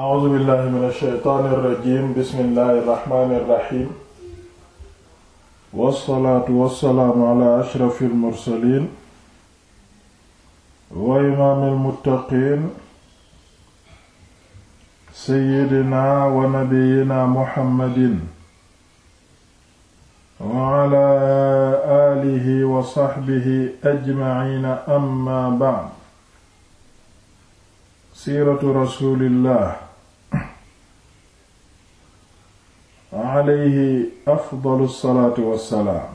a'uuzu billahi min ash-shaytaani irrajim bismillahi irrahmani irrahim wassalaatu wassalaamu ala ashrafi almursalin wa imaami almuttaqiin seyyidina wa nabiyina muhammadin wa ala aalihi wa saxbihi ajmaciina amma ba'd siiratu rasulillah alayhi afdalu salaatu wassalaam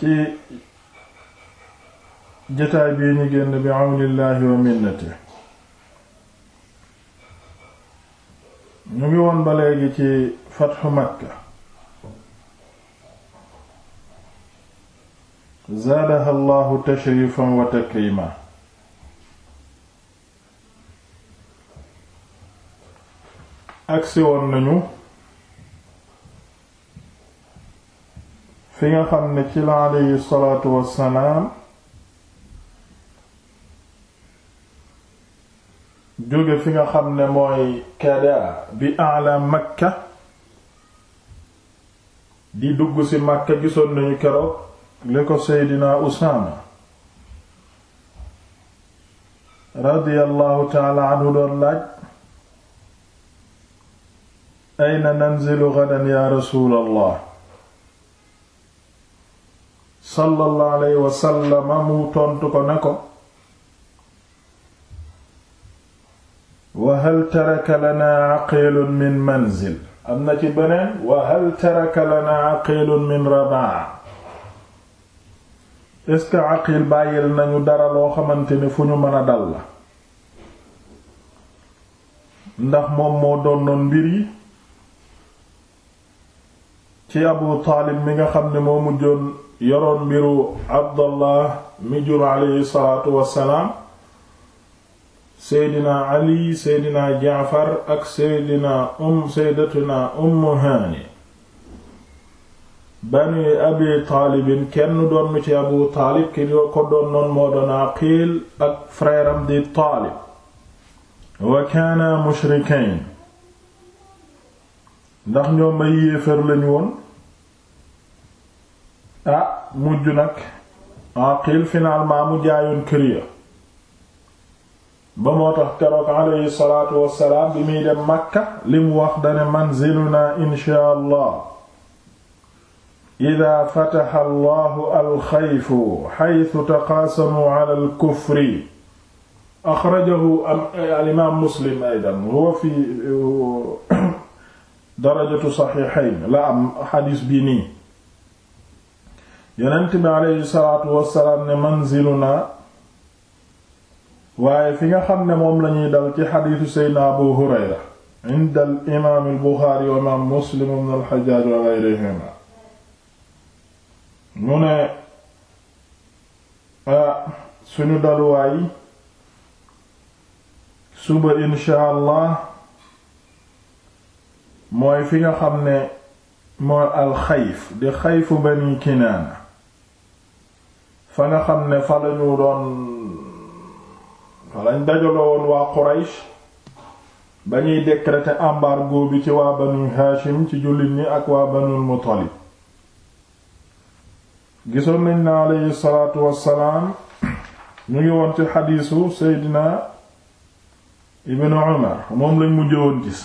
ci jataay bi ñu génn bi awnillahi wa minnati ñu ngi woon ba léegi ci fatxu makka zaadaha allahu tashrifan wa takrima agsi woon nañu fi nga xam ne ci la aleyhi salaatu wassalaam jóge fi nga xam ne mooy kada bi ala makka di dugg ci makka gisoon nañu keroog li ko seydina Usaama radiyallahu taala anhu doon laaj ayna nanzilu gadan ya rasuulallah sallallahu alayhi wasallama mu tontu ko ne ko wa hal taraka lana aqiilun min manzil am na ci beneen wa hal taraka lana aqiilun min rabaa est-ce que bàyyil nañu dara loo xamante ni fu ñu mën a dal la ndax moom moo doon noon mbir yi ci abu taalib mi nga xam ne moo mujjoon yoroon mbiru abdallah mi jur aleyhi salaatu wassalaam seydina ali seydina jaafar ak seydina um seydatuna umm haani bani abi taalibin kenn doon ci abu taalib ki yoo ko doon noon moo doon aqiil ak frère di taalib wa kaana mushrikayn ndax ñoom ay yéefar lañu woon ah mujj nag aqiil finalement mu jaayoon kër ba moo tax keroog alayhi salaatu wassalaam bi muy dem makka li mu wax dane manziluna inshaa allah ida fataxa allahu alxayfu xaytu taqaasamuu ala alkufri axrajahu alimaam muslim aydan huwa fi darajatu saxiixayn la am xadiis bi nii yonent bi aleyhi salaatu wasalaam ne manziluna waaye fi nga xam ne moom lañuy dal ci xadiisu seydna abu hurayra inda al imaam al buxaari wa imaam muslim ibn al xajjaaj wa gayrihima mu ne ah, suñu daluwaay suba insha allah mooy fi nga xam ne mooy alxayf di xayfu bani kinaana fa nga xam ne fa lañu doon fa lañ dajaloo woon waa quraysh ba ñuy décréter embargo bi ci waa banu haashim ci jullit ñi ak waa banul muttalib gisoon nañ na aleyhi salaatu wassalaam ñu ngi woon ci xadiisu seydina ibnu umar moom lañ mujj woon gis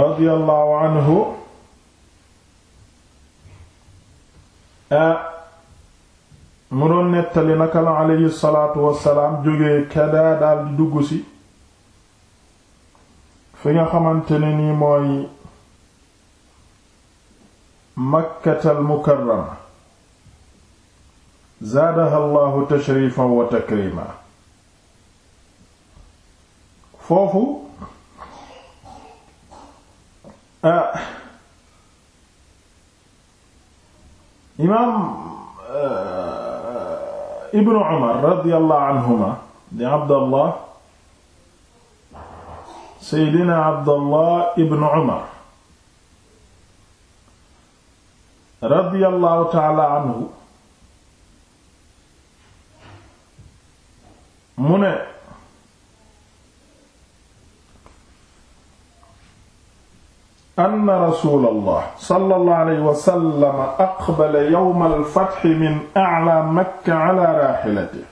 radiyallahu anhu mu doon nettali naka la aleyhi salaatu wassalaam jógee Kada daal di dugg si fi nga xamante ni mooy makkatal mukarrama zaadaha allahu tashrifan wa takrima foofu ah imaam ibnu umar radiyallahu anhuma di abdallah seydina abdallah ibnu umar radiyallahu taala anhu mu ne anna rasulallah sallallahu alayhi wa sallam aqbala yawm al-fath min a'la makka ala raahilatihi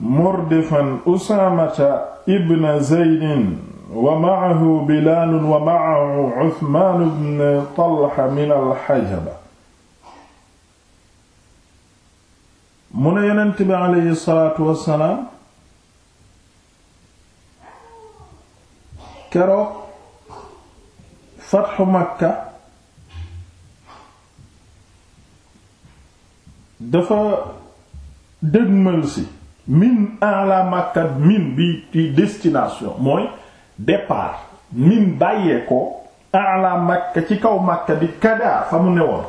murdifan usaamata ibn zaydin wa ma'ahu Bilaal wa ma'ahu Usmaan ibn Talha min al-Hajaba mu ne yonent bi aleyhi salaatu wassalaam keroog fatxu Makka dafa dëgmal si min ala Makka min bi ci destination mooy départ min bàyyee ko Makka ci kaw Makka di kada fa mu newoon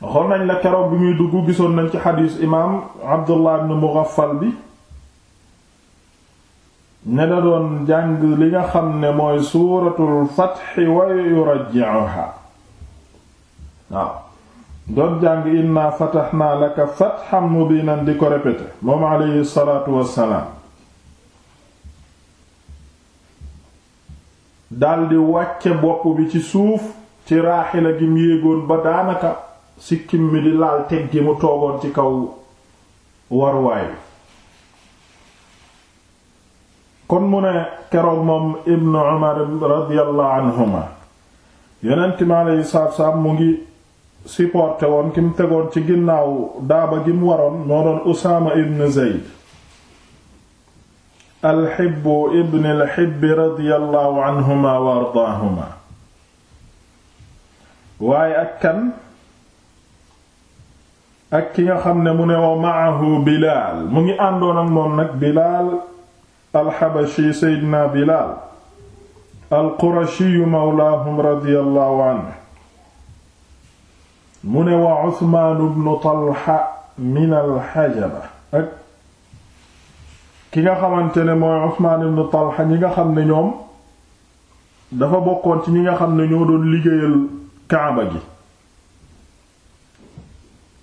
waxoon nañ la keroog bi muy dugg gisoon nañ ci xadiis imaam Abdullah ibn Mughaffal bi ne da doon jàng li nga xam ne mooy suuratul fath wa yurajji'uha waaw doon jàng inna fatahna laka fathan mubinan di ko répété moom alayhi salaatu wassalaam daldi wàcce bopp bi ci suuf ci raaxila gim yéegoon ba daanaka sikkim mi di laal teg gi mu toogoon ci kaw warwaay kon mu ne keroog moom ibnu umar radiyallahu anhuma yonent mi alayhi salaatu salaam mu ngi supporté woon ki mu tegoon ci ginnaaw daaba gi mu waroon moo usaama ibn zeyd alxibbu ibn alxibbi radiyallahu anhuma wa ardaahuma waaye ak kan ak ki nga xam ne mu ne wa maahu bilaal mu ngi àndoon ak moom nag bilaal alxabashi seydina bilaal alqurashiyu mawlaahum radiyallahu anhu mu ne wa usmaan ibn talha min alxajaba ak ki nga xamante ne mooy Usmaan ibn Talha ñi nga xam ne ñoom dafa bokkoon ci ñi nga xam ne ñoo doon liggéeyal Kaaba gi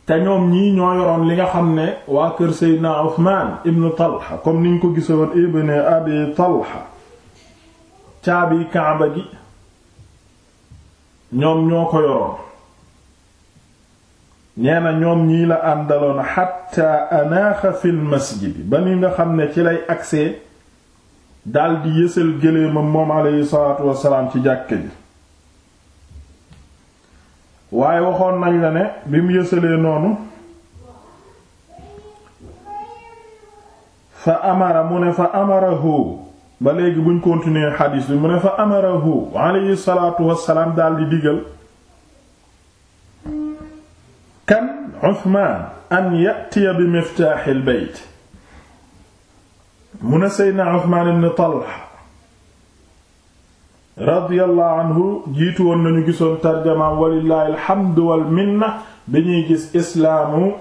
te ñoom ñii ñoo yoroon li nga xam ne waa kër Seydina Usmaan ibn Talha comme niñ ko gisoon ibn Abi Talha caabi Kaaba gi ñoom ñoo ko yoroon nee na ñoom ñii la àndaloon xatta anaaxa fil masjid ba ni nga xam ne ci lay agsee daldi yësal géléemam moom aleyhi salaatu wasalaam ci jàkke ji waaye waxoon nañ la ne bi mu yësalee noonu fa amara mu ne fa amarahu ba léegi buñ continuer xadiis bi mu ne fa amarahu aleyhi salaatu wasalaam daldi digal kan Uthman an yatiya bi miftaaxil beyt mu ne Seydina Uthman ibn Talha radiyallahu anhu jiitu woon nañu gisoon tarjamaam walillahi alhamdu wal minna bi ñuy gis islaamu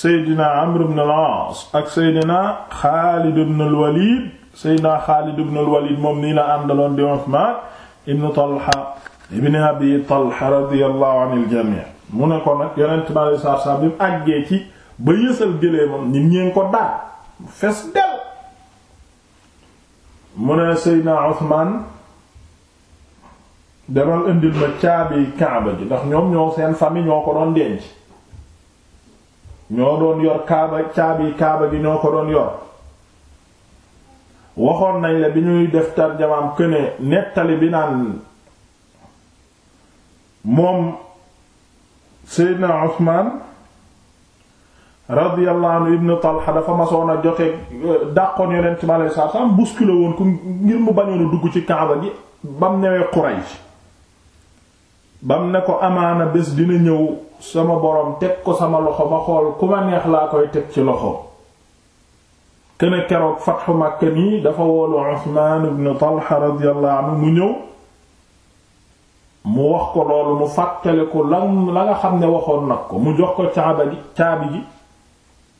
Seydina Amr ibn al-Aas ak Seydina Xaalid ibn al-Walid Seydina Xaalid ibn al-Walid moom nii la àndaloon di Uthman ibn Talha ibn Abi Talha radiyallahu anil jamii mu ne ko nag yonent bi alei satu bi mu àggee ci ba yësal gëléemam nit ñeen ko daal fes del mu ne Seydina Usmaan demal indil ma caabi kaaba ji ndax ñoom ñoo seen famille ñoo ko doon denc ñoo doon yor kaaba caabi kaaba gi ñoo ko doon yor waxoon nañ la bi ñuy def tarjamaam këne nettali bi naan moom seydna Usmaan radiyallahu anhu ibn Talha dafa masoon a jote dàqoon yonent mi alayhi salaatu salaam bousculé woon ko ngir mu bañoon dugg ci Kaaba gi bam newee Quraysh bam ne ko amaana bés dina ñëw sama boroom teg ko sama loxo ma xool ku ma neex laa koy teg ci loxo kene keroog fatxu Makka nii dafa woolu Usmaan ibn Talha radiyallahu anhu mu ñëw mu wax ko loolu mu fàttale ko lan la nga xam ne waxoon nag ko mu jox ko caaba gi caabi gi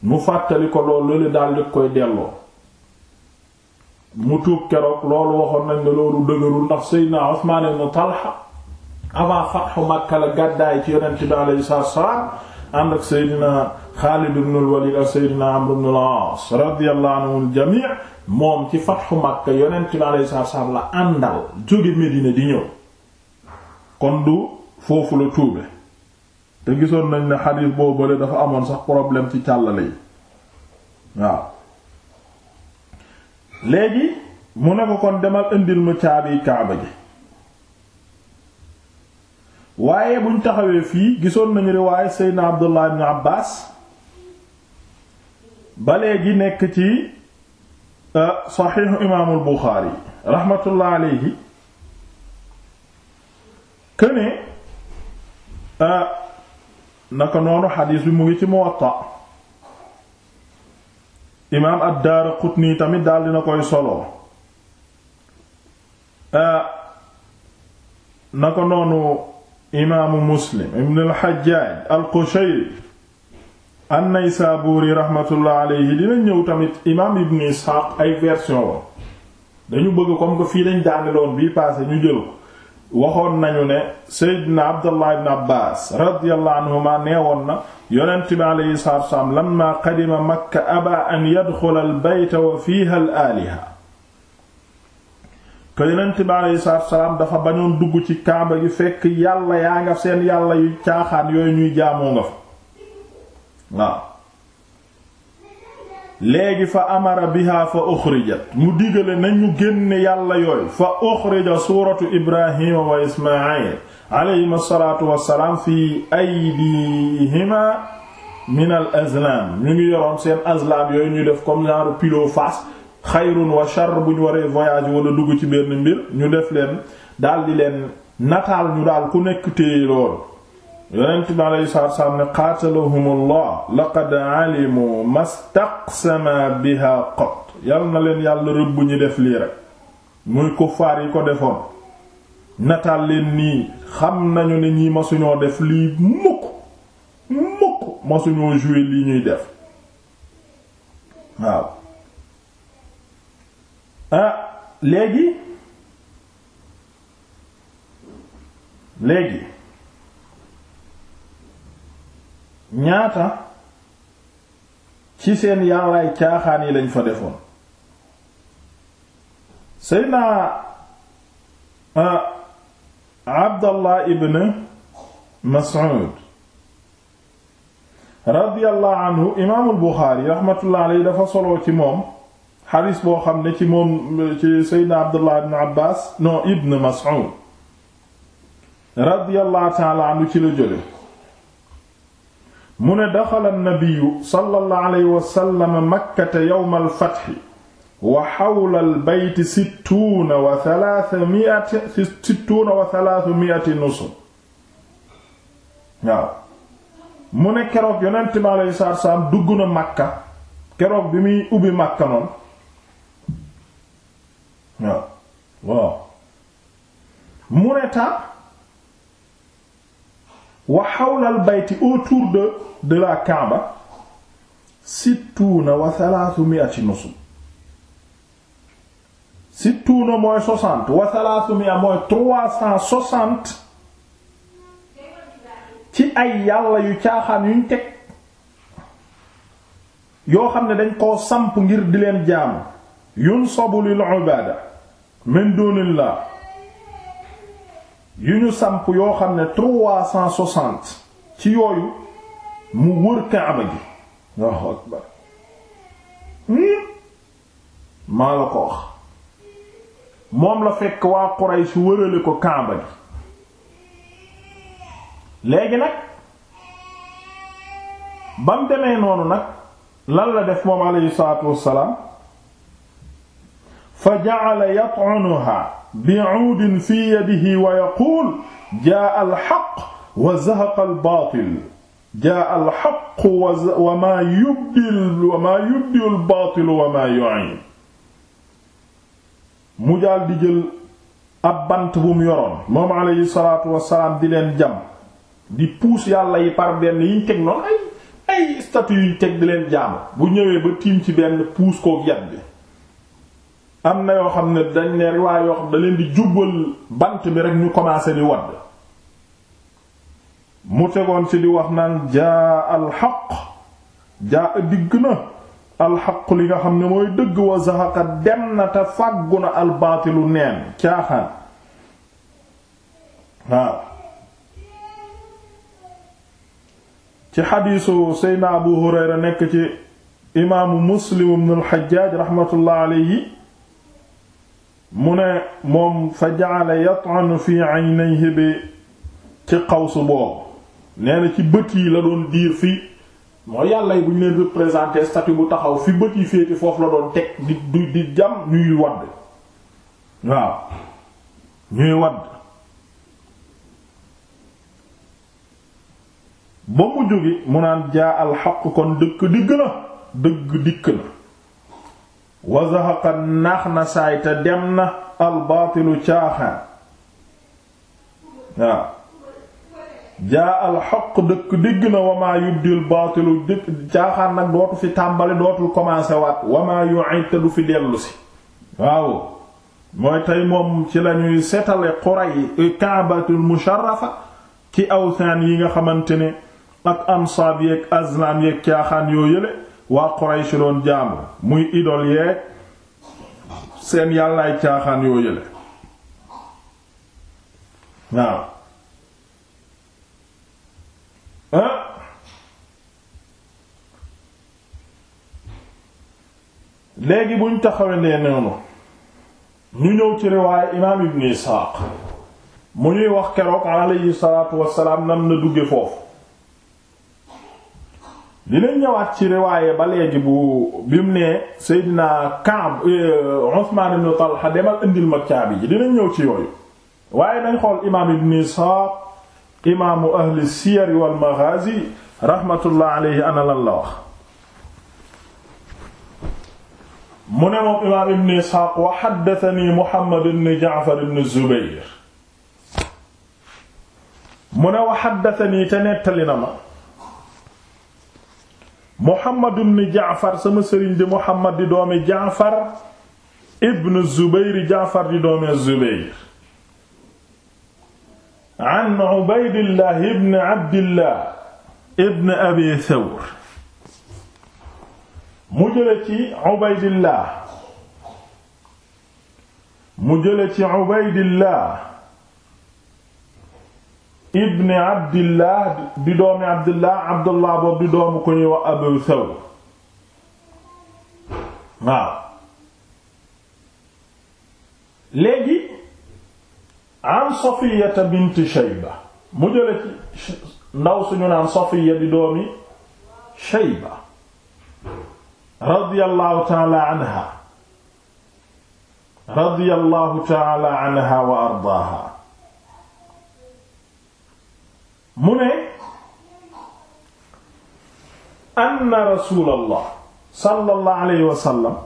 mu fàttali ko loolu lële daldi koy delloo mu tuub keroog loolu waxoon nañ ne loolu dëgërul ndax Seydina Usmaan ibn Talha avant fathu Makka la gàddaay ci yonent bi alayhi salaam ak Seydina Xaalid ibn al-Walid moom ci fathu Makka yonent bi alayhi salaam la àndal jóge Medina di ñëw kon du foofu la tuube te gisoon nañ ne xadiis boobale dafa amoon sax problème ci càllale yi waaw léegi mu ne ko kon demal indil ma caabi kaaba gi waaye buñ taxawee fii gisoon nañu riwaaye seydna abdullah ibn abbas ba léegi nekk ci euh, saxiixu imaamul buxaari raxmatullah alayhi na euh, naka noonu xadiis bi mu ngi ci Muwatta imaam ad-Daaraqutni tamit daal dina koy solo euh, naka noonu imaamu Muslim ibn al-Hajjaj al-Qushayri an-Naysaburi rahmatullah alayhi dina ñëw tamit imaam ibn Ishaq ay version wa dañu bëgg comme que fii lañ daangeloon bii paase ñu jël waxoon nañu ne seydina abdullah ibn abbas radiyallahu anhuma neewoon na yonent bi aleyhi salaatu wasalaam lamma qadima makka aba an yadxula al bayta wa fiiha al aaliha ko yonent bi aleyhi wasalaam dafa bañoon dugg ci kaaba gi fekk yàlla yaa nga seen yàlla yu caaxaan yooyu ñuy jaamoo nga fa léegi fa amar biha fa uxrijat mu digale nañu génne yàlla yooyu fa uxrija suuratu ibrahima wa ismail alayhima salaatu wassalaam fi aydihima min al azlam ñu ngi yoroon seen azlam yooyu ñu def comme genre pilo face xayrun wa shar bu ñu waree voyage wala dugg ci benn mbir ñu def leen daldi leen nataal ñu daal ku nekk téye loolu yonent bi alayhi salaatu salaam ne qaatalahumullah laqad alimu mastaqsama biha qat yal na leen yàlla rëbb ñi def lii rek muy kuffaar yi ko defoon nataal leen nii xam nañu ne ñii masuñoo def lii mukk mukk masuñoo jouer lii ñuy def waaw ah léegi léegi ñaata ci seen yàllaay caaxaan yi lañ fa defoon seydna euh, abdallah ibn mas'ud radiyallahu anhu imaamul buxaari raxmatullahi alayhi dafa soloo ci moom xadis boo xam ne ci moom ci seydna abdullah ibn abbas non ibn ci la jële mu ne daxala nabiyu sallallahu alayhi wa sallam makkata wa xawla albeyti sittuuna wa talaatamiati sittuuna wa talaatamiati nusub waaw mu ne keroog yonent mi salaam dugg na makka keroog bi muy ubbi makka noonu mu ne ta wa xawlal bayti autour de de la Kaaba sittuuna wa salaasu mi'ati nusub sittuuna wa salaasu mi'a ci ay yàlla yu caaxaan yuñ teg yoo xam ne dañ koo samp ngir di leen jaamu yunsabu lil ubaada min duunillah yu ñu samp yoo xam ne trois cent soixante ci yooyu mu wër kaaba gi hmm? maa la ko wax moom la fekk waa Quraysh wërale ko kaaba gi léegi nag bam demee noonu nag lan la def moom alayhi salaatu wassalaam fa ja'ala yat'unuha bi'uudin fi yadihi mu daal di jël ab bant bu mu yoroon moom aleyhi salaatu wasalaam di leen yi par leen jaam bu ñëwee ba tiim ci benn puus koog yat am na yoo xam ne dañ ne riwaay yoo xam da leen di jubbal bant bi rek ñu commencé di wadd mu tegoon ci di wax naan jaa alxaq jaa digg na alxaq li nga xam ne mooy dëgg wa zahaqa dem na te fàggu na albaatilu neen caaxaan waaw ci xadiisu seyna abu hurayra nekk ci imaamu muslim ibn alxajjaaj raxmatullah yi mu ne moom fa ja'ala yat'anu fi aynayhi bi ci xaws boobu nee na ci bët yi la doon diir fii mooy yàlla yi bu ñu leen représenter statue bu taxaw fi bët yi féete foofu la doon teg di di di jam ñuy wadd waaw ñuy wadd ba mu jógi mu naan jaa alxaq kon dëkk dikk na dëgg dikk na wa naax na saay te dem na albaatilu caaxaan waaw jaa alxaq dëkk digg na wamaa yubdil baatilu dëkk caaxaan nag dootu fi tàmbali dootul commencé waat wamaa yu'id te du fi dellu waaw mooy tey moom ci lañuy setale Quray eh, kaabatul musharrafa ci awsaan yi nga xamante ne ak ansaab yeeg azlam yeeg caaxaan yoo yële waa Quraysh doon jaamu muy idol yeeg seen yàllaay caaxaan yoo yële waaw ah. léegi buñ taxawandee noonu ñu ñëw ci riwaaya imaam Ibn Isaaq mu ñuy wax keroog alayhi salaatu wassalaam nam na dugge foofu dinañ ñëwaat ci riwaaye ba léegi bu bi mu nee Seydina Kaab eh, Usmaan ibn Talha demal indil ma caabi ji dinañ ñëw ci yooyu waaye nañ xool imaam ibn Isaaq imaamu ahli siyar wal maghaazi rahmatullah alayhi ana lan la wax mu ne moom imaam ibn Isaaq wa haddathani Muhammad ibn Ja'far ibn Zubayr mu ne wa haddathani te nettali na ma Muhammad ibn Jaafar sama sëriñ di Muhammad di doomi Jaafar ibn Zubayr Jaafar di doomi Zubayr an Ubaydillah ibn Abi Thawr mu jële ci Ubaydillah mu jële ci Ubaydillah ibni abdillah di doomi abdillah abdullah boobu di doomu ko ñuy wax abu thawr waaw léegi an safiyata bint shayba mu jële ci ndaw suñu naan safiya di doomi shayba radiyallahu taala anha radiyallahu taala anha wa ardaaha mu ne anna rasuulallah sallallahu alayhi wa sallam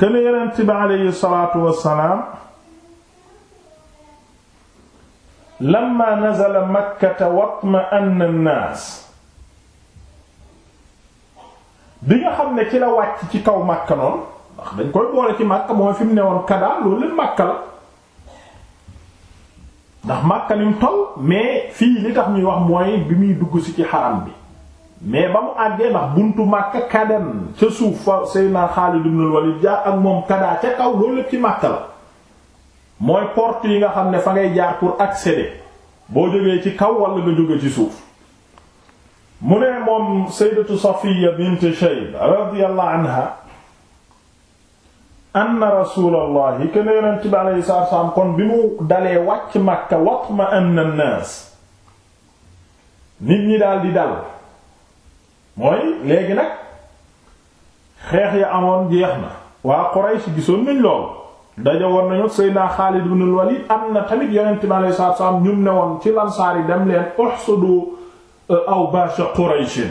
këne yonent bi alayhi salaatu wassalaam lamma nazala makkata watma anna an-naas xam ne ci la kaw makka noonu ndax dañ koy ci makka mooy fi mu ne woon kadaa loolu leen makka ndax Makka ni mu toll mais fii li tax ñuy wax mooy bi muy dugg si ci xaram bi mais ba mu àggee ndax buntu Makka kaden ca suuf fa Seydina Xaalid ibn Walid jaar ak moom kada ca kaw loolu lépp ci Makka la mooy porte yi nga xam ne fa ngay jaar pour accéder boo jógee ci kaw wala nga jóge ci suuf mu ne moom Sayyidatu Safiya bint Shayb radiyallahu anha anna rasulallahi kenn yonent bi alayhi kon bi mu dalee wàcc Makka ma anna naas nit ñi daal di dal mooy léegi nag xeex yi amoon jeex na waa Quraysh gisoon nañ lool daja woon nañu Seydina Xaalid ibn al-Walid am na tamit yonent bi alayhi salaatu ne woon ci lansaar yi dem leen uhsudu euh, awbaash Quraysh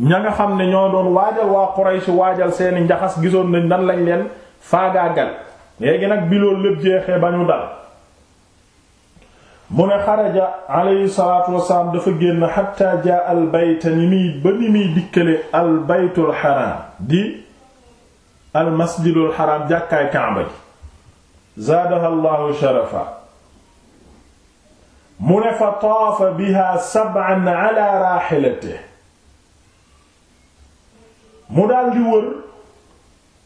ña nga xam ne ñoo doon waajal waa Quraysh waajal seeni njaxas gisoon nañ nan lañ leen faagaagal léegi nag bi loolu lépp ba ñu dal mu ne xaraja salaatu wasalaam dafa génn xatta jaa al bayt ni muy ba ni muy dikkale al xaraam di al xaraam jàkkaay kaaba zaadaha llahu sharafa mu ne fa taafa biha sab'an ala raaxilatihi mu daldi wër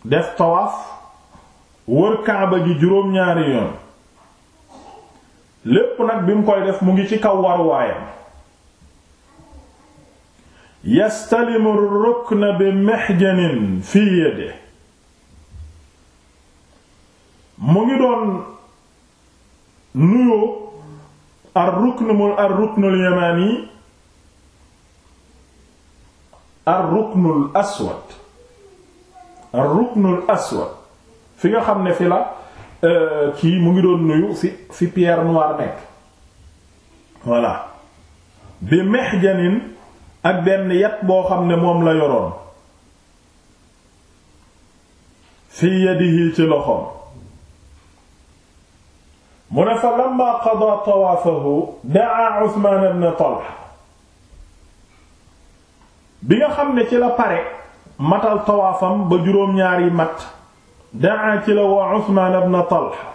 def tawaaf wër kaaba gi juróom-ñaari yoon lépp nag bi mu koy def mu ngi ci kaw waruwaayam yastalimu rukna bi mihjanin fi yadihi mu ngi doon nuyoo ar rukn mu ar ruknul yamani ar ruknul aswad ar ruknul aswad fi nga xam ne fi la ci euh, mu ngi doon nuyu ci fi pierre noire nekk voilà bi mexjanin ak benn yat boo xam ne moom la yoroon fi yadihi ci loxoom mu ne fa lamma qada tawaafahu daa Usmaan ibn Talha bi nga xam ne ci la pare matal tawaafam ba juróom-ñaari mat daa ci la woo Usmaan ibn Talha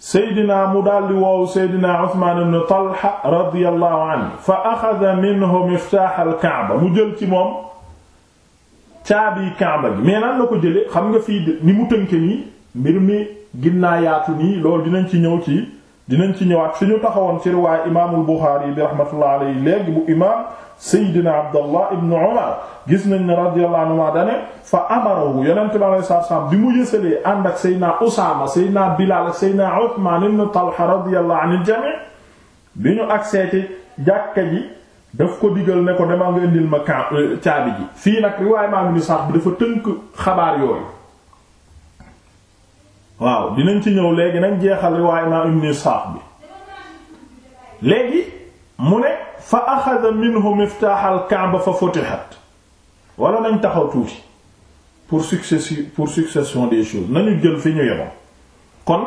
seydina mu daldi woowu seydina Usmaan ibn Talha radiyallahu anhu fa axada minhu miftaax kaaba mu jël ci moom caabi Kaaba gi mais nan ko jële xam nga fii ni mu tënke nii mbir mi ginnaa yaatu nii loolu dinañ ci ñëw ci dinañ ci ñëwaat fi ñu taxawoon ci riwaay imaamul Buxaari bi rahmatullah alayhi léegi bu imaam Seydina Abdallah ibn Umar gis nañ ne radiyallahu anhu dane fa amarahu yonent bi alayhi salaatu salaam bi mu yësalee ànd ak Seydina Usaama Seydina Bilaal ak Seydina Usmaan ibn Talha radiyallahu anil jamii bi ñu agsee ci jàkka ji daf ko digal ne ko demal nga indil ma euh, caabi ji fii nag riwaay imaam Ibn Sa'd bi dafa tënk xabaar yooyu waaw dinañ ci ñëw léegi nañ jeexal riwaay naa ibn Isxaaq bi léegi mu ne fa axada minhu miftaax al-Kaaba fa futihat wala nañ taxaw tuuti pour succession pour succession des choses nañu jël fi ñu yemoon kon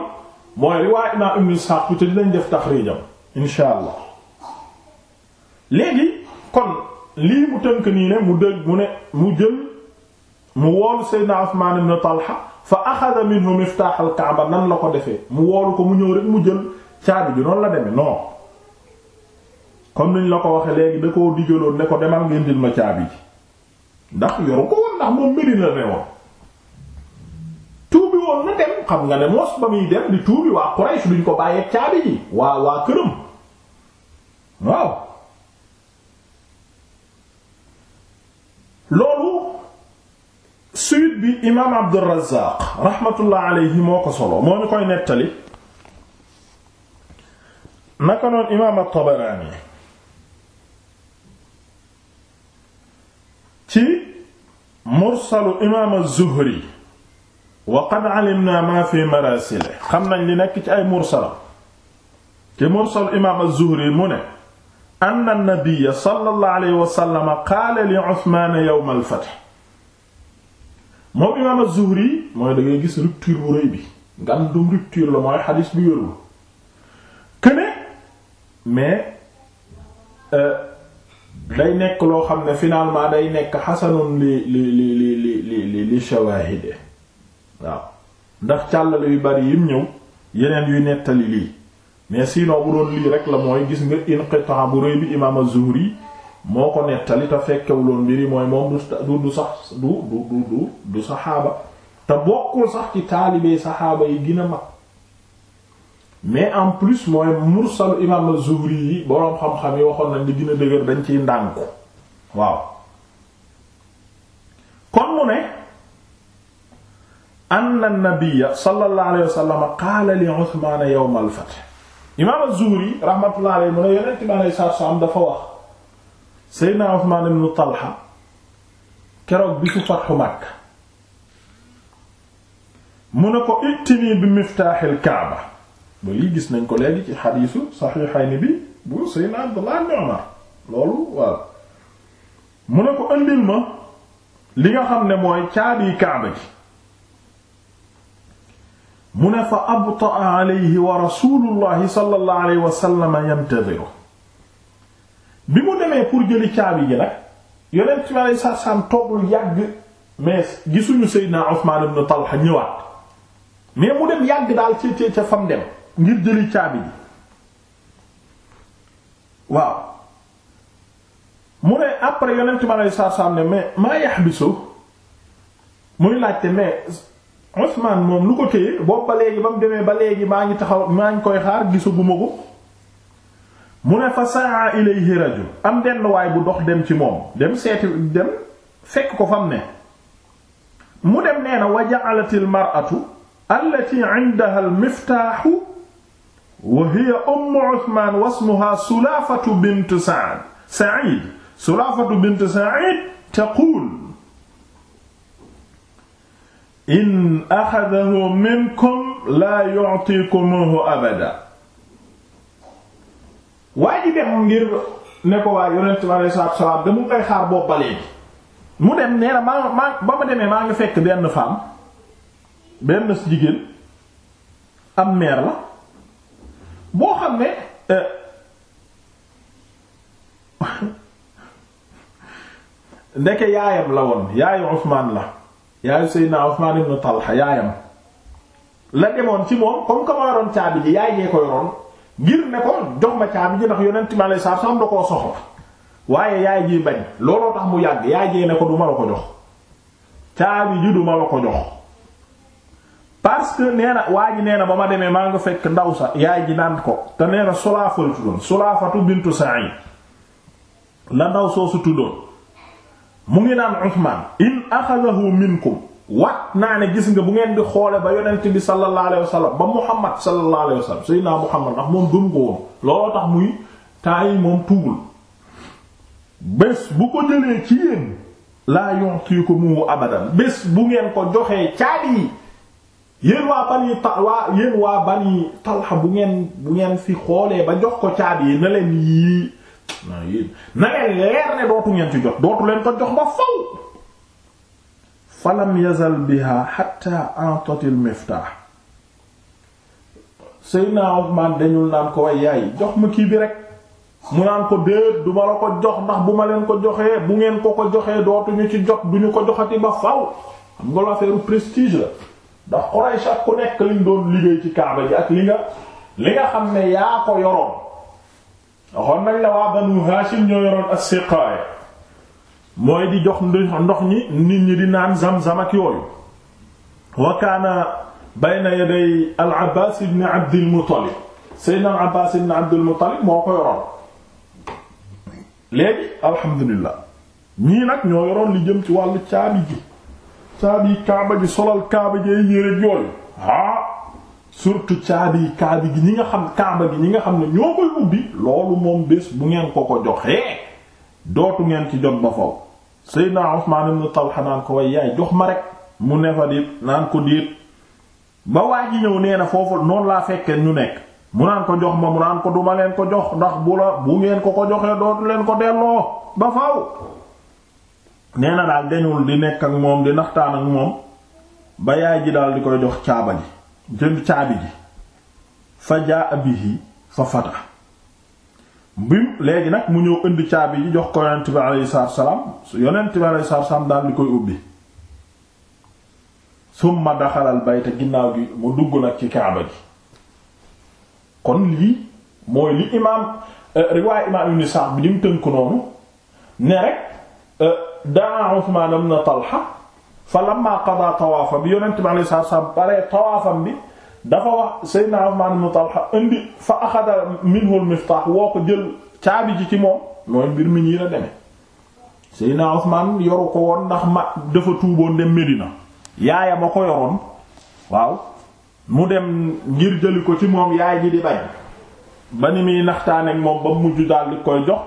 mooy riwaay imaam ibn Isxaaq bi te dinañ def taxriijam insha allah léegi kon lii mu tënk nii ne mu dëgg mu ne mu jël mu woolu Seydina Usmaan ibn Talha fa axada mu miftaaxal kaaba nan la ko defee mu woolu ko mu ñëw rek mu jël caabi ju noonu la demee non comme niñ la ko waxee léegi da koo digaloon ne ko demal nga indil ma caabi ji ndax yoru ko woon ndax moom Medina ne woon tuubi woon na dem xam nga ne mos ba muy dem di tuubi waa Quraysh duñ ko bàyyee caabi ji waa waa këram waaw loolu suite bi imaam Abdurrazzaq rahmatullah alayhi moo ko solo moo ñu koy nettali naka noonu imaam at-Tabarani ci mursalu imaam az-Zuhri wa qad alimna ma fi marasile xam nañ li nekk ci ay mursalam ci mursal imaam az-Zuhri mu ne anna an-nabiyya sallallahu alayhi wa sallam qaala li Usmaan yawm al-fath moom imaam az-Zuhri mooy dangay gis ructure bu rëy bi ngandum rupture la mooy xadis bu yorul këne mais euh, day nekk loo xam ne finalement day nekk xasanun li li li li li li li shawaahide waaw ndax càllale yu bari yim ñëw yeneen yuy nettali lii mais sinon bu doon lii rek la mooy gis nga inqitaa bu rëy bi imaam az-Zuhri moo ko nettali te fekkewuloon mbiri mooy moom du du sax du du du du saxaaba te bokkul sax ci taalibee saxaaba yi gën a mag mais en plus mooy mursalu imaam zuhri yi boroom xam-xam yi waxoon nañ li gën dëgër dañ ciy ndànku waaw kon mu ne anna nabiyya sallallahu alayhi wasallam qaala salaam dafa wax Seydina Usmaan ibn Talha keroog bisu fatxu Makka mu ne ko ittini bi miftaaxil Kaaba ba lii gis nañ ko léegi ci xadiisu saxiixayni bi bu Seydina Abdullah ibn Umar loolu waaw mu ne ko andil ma li nga xam ne mooy caabi Kaaba ji mu ne fa abtaa alayhi wa rasuulullahi sallallahu alayhi wa sallam yantadiru bi mu demee pour jëli caabi ji nag yonent bi aleyhi salaatu toogul yàgg mais gisuñu Seydina Usmaan ibn Talha ñëwaat mais mu dem yàgg daal ca ca fam dem ngir jëli caabi ji waaw mu ne après yonent bi aleyhi salaatu salaam ne mais maa yaxbisu muy laajte mais Usmaan moom lu ko téye boobu ba léegi ba mu demee ba léegi maa ngi taxaw maa ngi koy xaar gisaguma ko mu ne fa saa ilayhi rajul am benn waay bu dox dem ci moom dem seeti dem fekk ko fam ne mu dem nee na wa ja'alat al mar'atu allati 'indaha al miftaahu wa hiya ummu Uthman wasmuha Sulaafatu bint Sa'd Sa'id Sulaafatu bint Sa'id taqul in akhadahu minkum la yu'tikumuhu abada waa ji dem ngir ne ko waaye yonent bi alayhi salaatu salaam koy xaar boobu ba mu dem nee maa maa ba ma demee maa ngi fekk benn femme benn jigéen am mère la boo xam ne euh, ndeke yaayam la woon yaayu Usmaan la yaayu Seydina Usmaan ibn Talha yaayam la demoon ci moom comme que ma yoroon caabi ji yaay jee ko yoroon ngir ne ko jox ma caabi ji ndax yonent mi alayhi salaam soxla waaye yaay ji bañ looloo tax mu yàgg yaay jee ne ko du ma la ko jox caabi ji du ma la ko jox parce nee na waa ji nee na ba ma demee maa ngi fekk ndaw sa yaay ji naan ko te nee na sulaafatu tuddoon sulaafatu bintu Sa'id la ndaw soosu tuddoon mu ngi naan Usmaan in axadahu minkum wat naa ne gis nga bu ngeen di xoolee ba yonent bi sallallahu alayhi wasallam ba muhammad sallallahu alayhi wasallam sayyidina muhammad ndax moom gëm ko woon looloo tax muy temps yi moom tuugul bés bu ko jëlee ci yéen laa yu'tikumu abadan bés bu ngeen ko joxee caabi yi yéen waa bani ta waa yéen waa bani talxa bu ngeen bu ngeen fi xoolee ba jox ko caabi yi na leen yii na leen ne dootu ngeen ci jox dootu leen ko jox ba faw falam yazal biha xatta antotil miftaax Seydina Usmaan dañul naan ko way yaay jox ma kii bi rek mu naan ko déet duma la ko jox ndax bu ma leen ko joxee bu ngeen ko ko joxee dootuñu ci jot ñu ko joxati ba faw xam nga lu affaire prestige la ndax Quraysh ak ku nekk liñ doon liggéey ci Kaaba ji ak li nga li nga xam ne yaa ko yoroon waxoon nañ la waa Banu Haashim ñoo yoroon as-siqaaya mooy di jox ndox ñi nit ñi di naan zam ak yooyu wa kaana bayna yaday al abbas ibn abdil muttalib seydna al abbas ibn abdil moo ko yoroon léegi alhamdulillah ñii nag ñoo yoroon li jëm ci wàll caabi ji caabi kaaba ji solal kaaba ji ay yére yooyu ah surtout caabi kaabi gi ñi nga xam kaaba gi ñi nga xam ne ñoo koy ubbi loolu moom bés bu ngeen ko ko joxee dootu ngeen ci jot ba faw Seydina Usmaan ibn Talha naan ko way yaay jox ma rekk mu ne fa di naan ko diit ba waa ji ñëw nee na foofu noonu laa fekkee ñu nekk mu naan ko jox ma mu naan ko duma leen ko jox ndax bu la bu ngeen ko ko joxee dootu leen ko delloo ba faw nee na daal dañul di nekk ak moom di naxtaan ak moom ba yaay ji daal di koy jox caaba ji jënd caabi ji fa jaa bihi fa fata bi léegi nag mu ñëw indi caabi ji jox ko yonent bi alayhi salaatu salaam yonent bi alayhi salaatu salaam daal di koy ubbi summa daxalal bayta ginnaaw gi mu dugg nag ci kaaba gi kon lii mooy li imaam euh, riwaay imaam ibn Sa'd bi di mu tënk noonu ne rek euh, daa Usmaan ibn Talha fa lamma qadaa tawaafa bi yonent bi alayhi salaatu salaam pare tawaafam bi dafa wax Seydina Uthman ibn Talha indi fa axada minhu miftaax woo ko jël caabi ji ci moom mooy mbir mi ñii la demee Seydina Uthman yoru ko woon ndax ma dafa tuuboon dem Medina yaaya ma ko yoroon waaw mu dem ngir jëli ko ci moom yaay ji di bañ ba ni muy naxtaaneek moom ba mujj daal di koy jox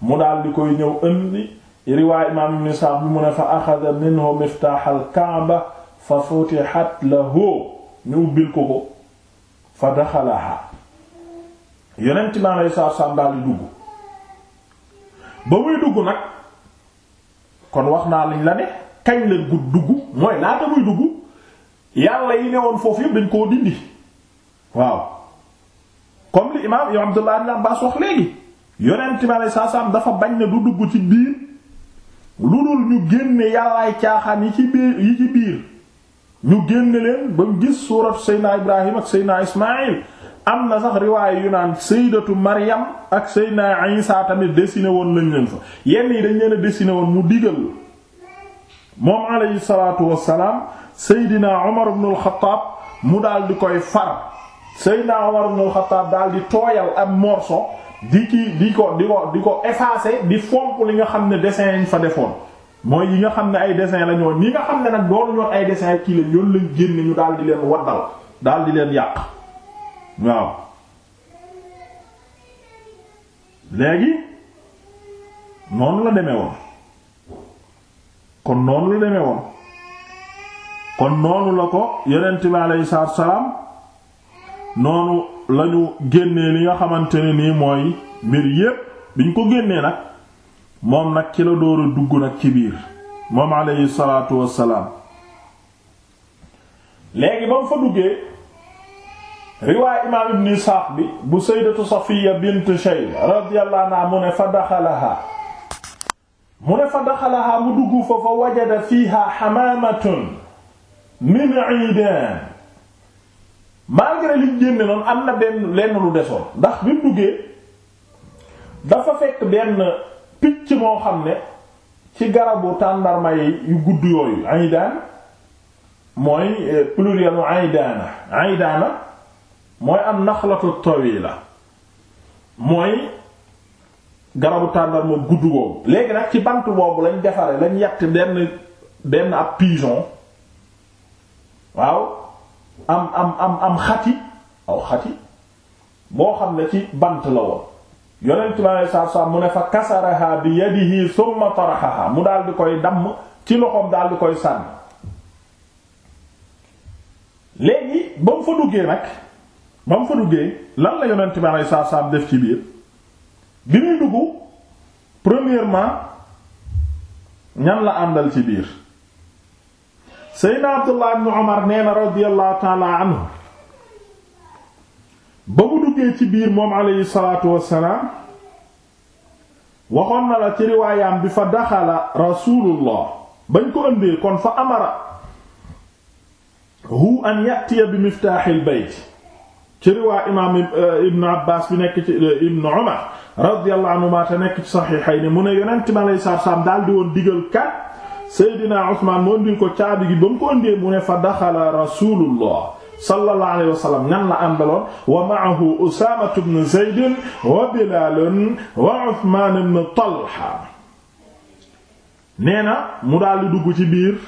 mu daal di koy ñëw indi riwaay imaam ibn bi mu ne fa axada minhu miftaaxal kaaba fa futihat lahu ñu ubbil ko ko fa daxalaha yonent mi aleyhi daal di dugg ba muy dugg nag kon wax naa liñ la ne kañ leen gudd dugg mooy laata muy dugg yàlla yi newoon foofu yëpp dañ koo dindi waaw comme li imaam yow Abdullah ibn Abbas wax léegi yonent mi aleyhi dafa bañ ne du dugg ci biir lu dul ñu génne yàllaay caaxaan yi ci biir yi ci biir ñu génn leen ba gis suurat Seydina Ibrahim ak Seydina Ismaïl am na sax riwaay yu naan Maryam ak Seydina Isa tamit dessiné woon lañ leen fa yenn yi dañ leen a woon mu digal moom alayhi salaatu wassalaam Seydina Umar ibn al mu daal di koy far Seydina Umar ibn al-Khattab daal di tooyal am morceau di ki di ko di ko di ko effacé di fomp li nga xam ne dessin yi fa defoon. mooy yi nga xam ne ay dessin la ni ñi nga xam ne nag doonu ñoon ay dessin kii la ñoon lañ génne ñu daal di leen waddal daal di leen yàq waaw léegi noonu la demee woon kon noonu la kon noonu ko yonent bi aleyhi salaatu salaam noonu lañu génnee li nga xamante ne nii mooy mbir yépp biñ ko génnee nag moom nag ci la door dugg nag ci biir moom aleyhi salaatu wassalaam léegi ba mu fa duggee riwaay imaam ibn Isaaq bi bu sayyidatu Safiya bint Shayba radiyallahu anha mu ne fa daxalaha mu ne fa daxalaha mu dugg fa fa wajada fiiha xamaamatun min iidaan malgré noonu am na benn lenn lu desoon ndax bi mu duggee dafa fekk benn picc moo xam ne ci garabu tàndarma yi yu gudd yooyu aydaan mooy eh, pluriel u aydaana aydaana mooy am naxlatu tawila mooy garabu tàndarma gudd boobu léegi nag ci bant boobu lañ defare lañ yatt benn benn ab pigeon waaw am am am am xati aw xati boo xam ne ci bant la woon yonent bi alayhi salaatu salaam mu ne fa kasaraha bi yadihi thumma tarahaha mu dal di koy damm ci loxoom daal di koy sànni léegi ba mu fa duggee nag ba mu fa duggee lan la yonent bi alayhi salaatu salaam def ci biir bi muy dugg premièrement ñan la àndal ci biir Seydina Abdullah ibn Umar nee na radiyallahu ta'ala anhu duggee ci biir moom aleyhi salaatu wassalaam waxoon na la ci riwaayaam bi fa daxala rasulullah bañ ko ëndee kon fa amara hu an yatiya bi miftaaxil bayt ci riwaa imaam ibnu eh, abbas bi nekk ci eh, ibnu umar radiyallahu anhuma te nekk ci saxiixayni mu ne yonent ma lay saar saam daal di woon digal kat seydina usmaan moo ndil ko caabi gi ba mu ko ëndee mu ne fa daxala rasulullah sallallahu alayhi wa sallam ñan la àndaloon wa ma'ahu Usaama ibn Zayd wa Bilaal wa Usmaan ibn Talha nee na mu daldi dugg ci biir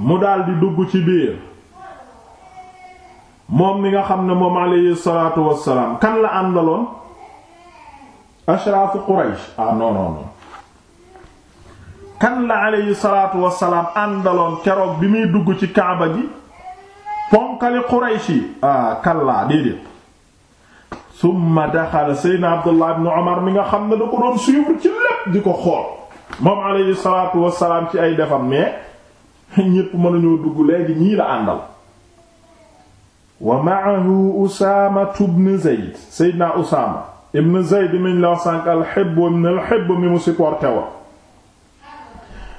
mu daldi dugg ci biir moom mi nga xam ne moom alayhi salaatu wassalaam kan la àndaloon ashraafu Quraysh ah non kan la aleyhi salaatu wasalaam àndaloon keroog bi muy dugg ci kaaba gi ponkali Quraysh yi ah kallaa déedéet summa daxala seydna Abdullah ibn Umar mi nga xam ne da ko doon ci lépp di ko xool moom aleyhi salaatu wasalaam ci ay defam mais ñépp mënuñoo dugg léegi ñii la àndal wa ma'ahu Usaama ibn Zayd seydna Usaama ibn Zayd miñ la wax sànk al-Hibb ibn al mi mu supporté wa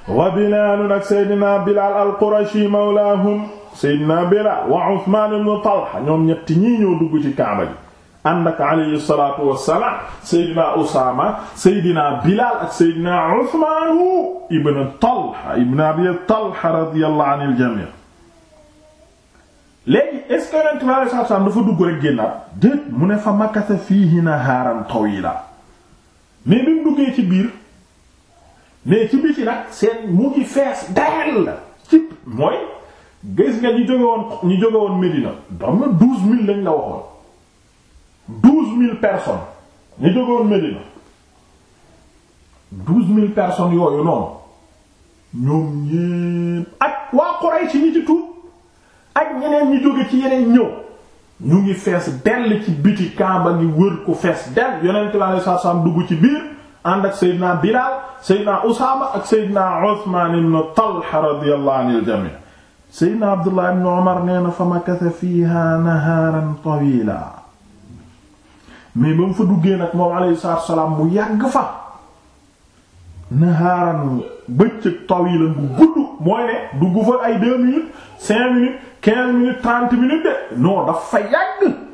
wa Bilaal nag Seydina Bilaal al-Qurashi mawlaahum Seydina Bilaal wa Usmaan ibn Talha ñoom ñetti ñii ñoo dugg ci Kaaba gi ànd ak alayhi salaatu wassalaam Seydina Usaama Seydina Bilaal ak Seydina Usmaan ibn Talha ibn Abi Talha radiyallahu anil jamii' léegi est-ce que Yonent bi alayhi salaatu wassalaam dafa dugg rek génnaat déet mu ne fa makatha fiihi nahaaran tawiilan mais bi mu duggee ci biir mais ci biti nag seen mu ngi fees dell ci mooy gis nga ñu jóge ñi ñu jóge woon Médina dam na douze lañ la waxoon douze mille personnes ñu jóge woon Médina douze mille personnes yooyu noonu ñoom ñépp ak waa Quraysh ñi ci tuub ak ñeneen ñi jóge ci yeneen ñëw ñu ngi fees dell ci biti Kaaba ngi wër ko fees dell yonent bi sallallahu alayhi wasallam dugg ci biir ànd ak Seydina Bilaal Seydina Usaama ak Seydina Usmaan ibn Talha radiyallahu anil jamii Seydina Abdullah ibn Umar nee na fa makatha fiihaa nahaaran tawiila mais ba mu fa duggee nag moom alayhi salaatu wassalaam mu yàgg fa nahaaran bëccëg tawiilan bu gudd mooy ne dugg fa ay deux minutes cinq minutes quinze minutes trente minutes de non daf fa yàgg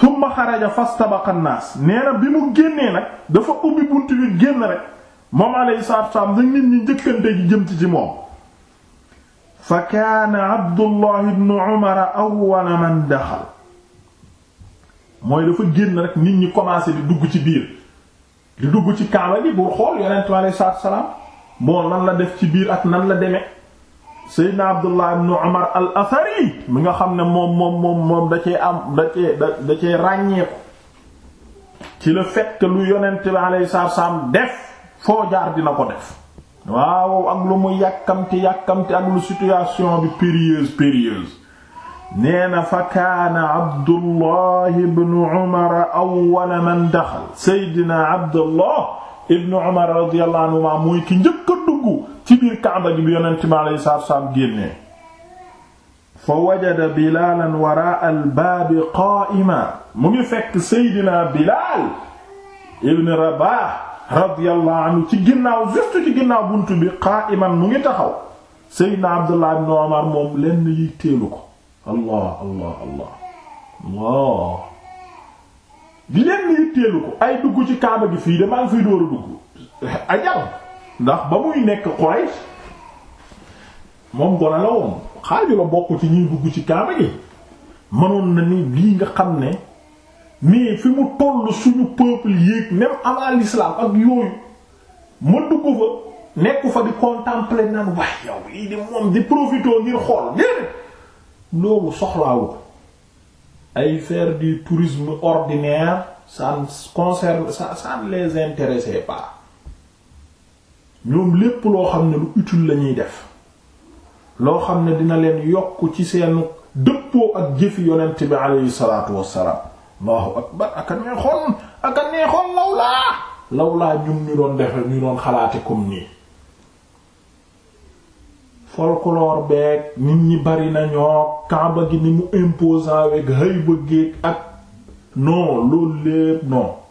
summa xaraja fastabaqa an-naas nee na bi mu génnee nag dafa ubbi bunt bi génn rek moom alayhi salaatu wassalaam nag nit ñi njëkkante ji jëm ci ci moom fa kaana Abdullahi ibn Umar awwala man daxal mooy dafa génn rek nit ñi commencé di dugg ci biir di dugg ci kaaba bi bu xool yonent bi alayhi salaatu wassalaam bon nan la def ci biir ak nan la demee Seydina Abdullah ibn Umar al Athari mi nga xam ne moom moom moom moom da cee am da cee da cee ràññeeku ci le fait que lu yonent bi alayhi salaam def foo jaar dina ko def waaw ak lu mu yàkkamti yàkkamti ak lu situation bi périlleuse périlleuse nee na fa kaana Abdullah ibn Umar awwala man daxal Seydina Abdullah ibn Umar radiyallahu anhu mooy ki njëkk a dugg ci biir kaaba ji bi yonent mi alayhi salaatu wassalaam génnee fa wajada bilaalan waraa al baabi mu ngi fekk seydina bilaal ibn rabaah radiyallahu ci ginnaaw juste ci ginnaaw bunt bi qaa'iman mu ngi taxaw seydina abdullah ibn umar moom lenn yiy ko allah allah allah allah lenn yiy ko ay dugg ci kaaba gi fii damaa ngi fiy dóor a dugg ndax ba muy nekk Quraysh moom gone la woon xaaju la bokk ci ñuy dugg ci kaaba gi mënoon na ni lii nga xam ne mais fi mu toll suñu peuple yéeg même avant l'islam ak yooyu ma dugg fa nekku fa di contempler naan waaye yow lii di moom di profiter ngir xool déedéet loolu soxlaawu ay faire du tourisme ordinaire ça ne concerne ça les intéressait pas ñoom lépp loo xam ne lu utile la def loo xam ne dina leen yokk ci seen dëppoo ak jëfi yonent bi aleyhi salaatu wassalaam allahu akbar aka neexoon aka neexoon lawlaa lawlaa ñun ñu doon defe ñu doon xalaate comme nii folklore beeg nit ñi bari nañoo kaaba gi ni mu imposant hëy bëggeeg ak noo loolu lépp non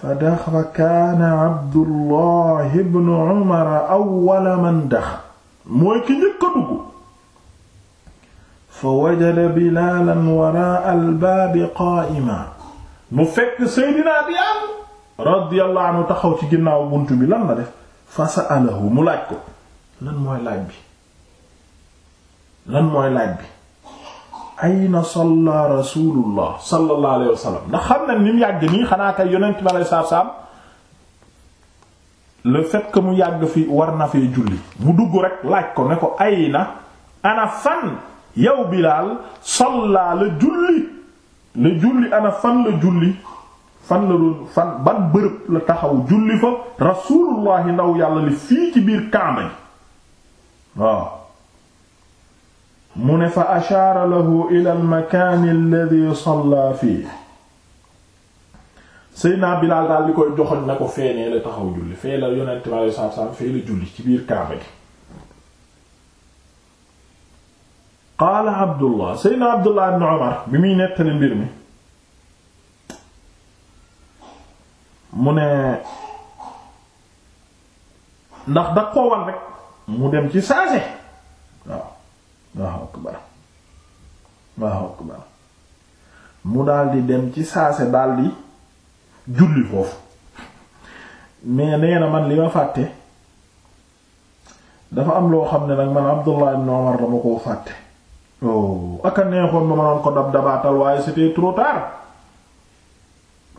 fa dax fa kaana abdullah ibnu umara awwala man dax mooy ki njëkk a dugg fa wajada bilaalan waraa albaabi qaa'ima mu fekk seydinaa bilaal radiyallahu anhu taxaw ci ginnaaw bunt bi lan la def fa sa'alahu mu laaj ko lan mooy laaj bi lan mooy laaj bi ayna salla rasulullah sallallahu alayhi wa ndax xam nañ ni mu yàgg nii xanaa kay yonent bi alayhi salaatu salaam le fait que mu yàgg fi war na fee julli mu dugg rek laaj ko ne ko ayna ana fan yow Bilaal salla la julli la julli ana fan la julli fan la doon fan ban bërëb la taxaw julli fa rasulullah ndaw yàlla li fii ci biir Kaaba waaw mu ne fa ashaara lahu ila almakaani alladi salla fii Seydina daal li koy joxoñ na ko feenee la taxaw julli fee la yonent bi alei satu salaam fee la julli ci biir kaaba gi Abdullah Seydina Abdullah ibn Umar bi muy nettali mbir mi mu ne ndax mu dem ci saase Allahu akbar Allahu akbar mu daldi dem ci saase daldi julli foofu mais nee na man li ma fàtte dafa am loo xam ne nag man Abdullah ibn Umar dama koo fàtte oh aka neexoon ma mënoon ko dab dabaatal waaye c'était trop tard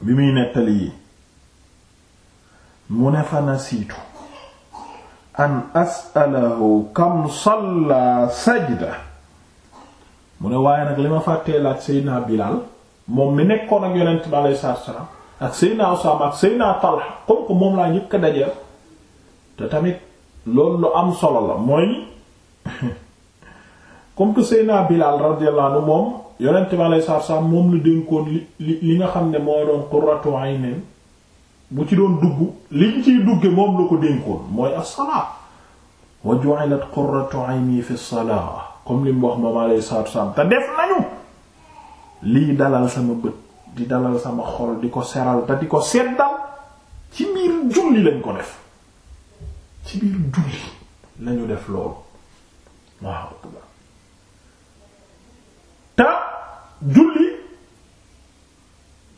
bi muy nettali yi mu ne fa na siitu an as'alahu kam salla sajda mu ne waaye nag li ma fàttee laaj Seydina Bilaal moom mi nekkoon ak yonent bi alayhi salaatu salaam ak Seydina Usaama ak Seydina moom laa njëkk a dajeel te tamit loolu lu am solo la mooy comme que Seydina Bilaal radiyallahu moom yonent bi alayhi salaatu salaam moom lu dénkoon li li nga xam ne moo doon qurratu aynin bu ci doon dugg liñ ciy dugge moom la ko dénkoon mooy as-salaa wa ju'ilat ay ayni fi as-salaa comme li mu wax moom alayhi salaatu wassalaam te def nañu lii dalal sama bët di dalal sama xol di ko seral te di ko seddal ci biir julli lañ ko def ci biir julli lañu def loolu waaw te julli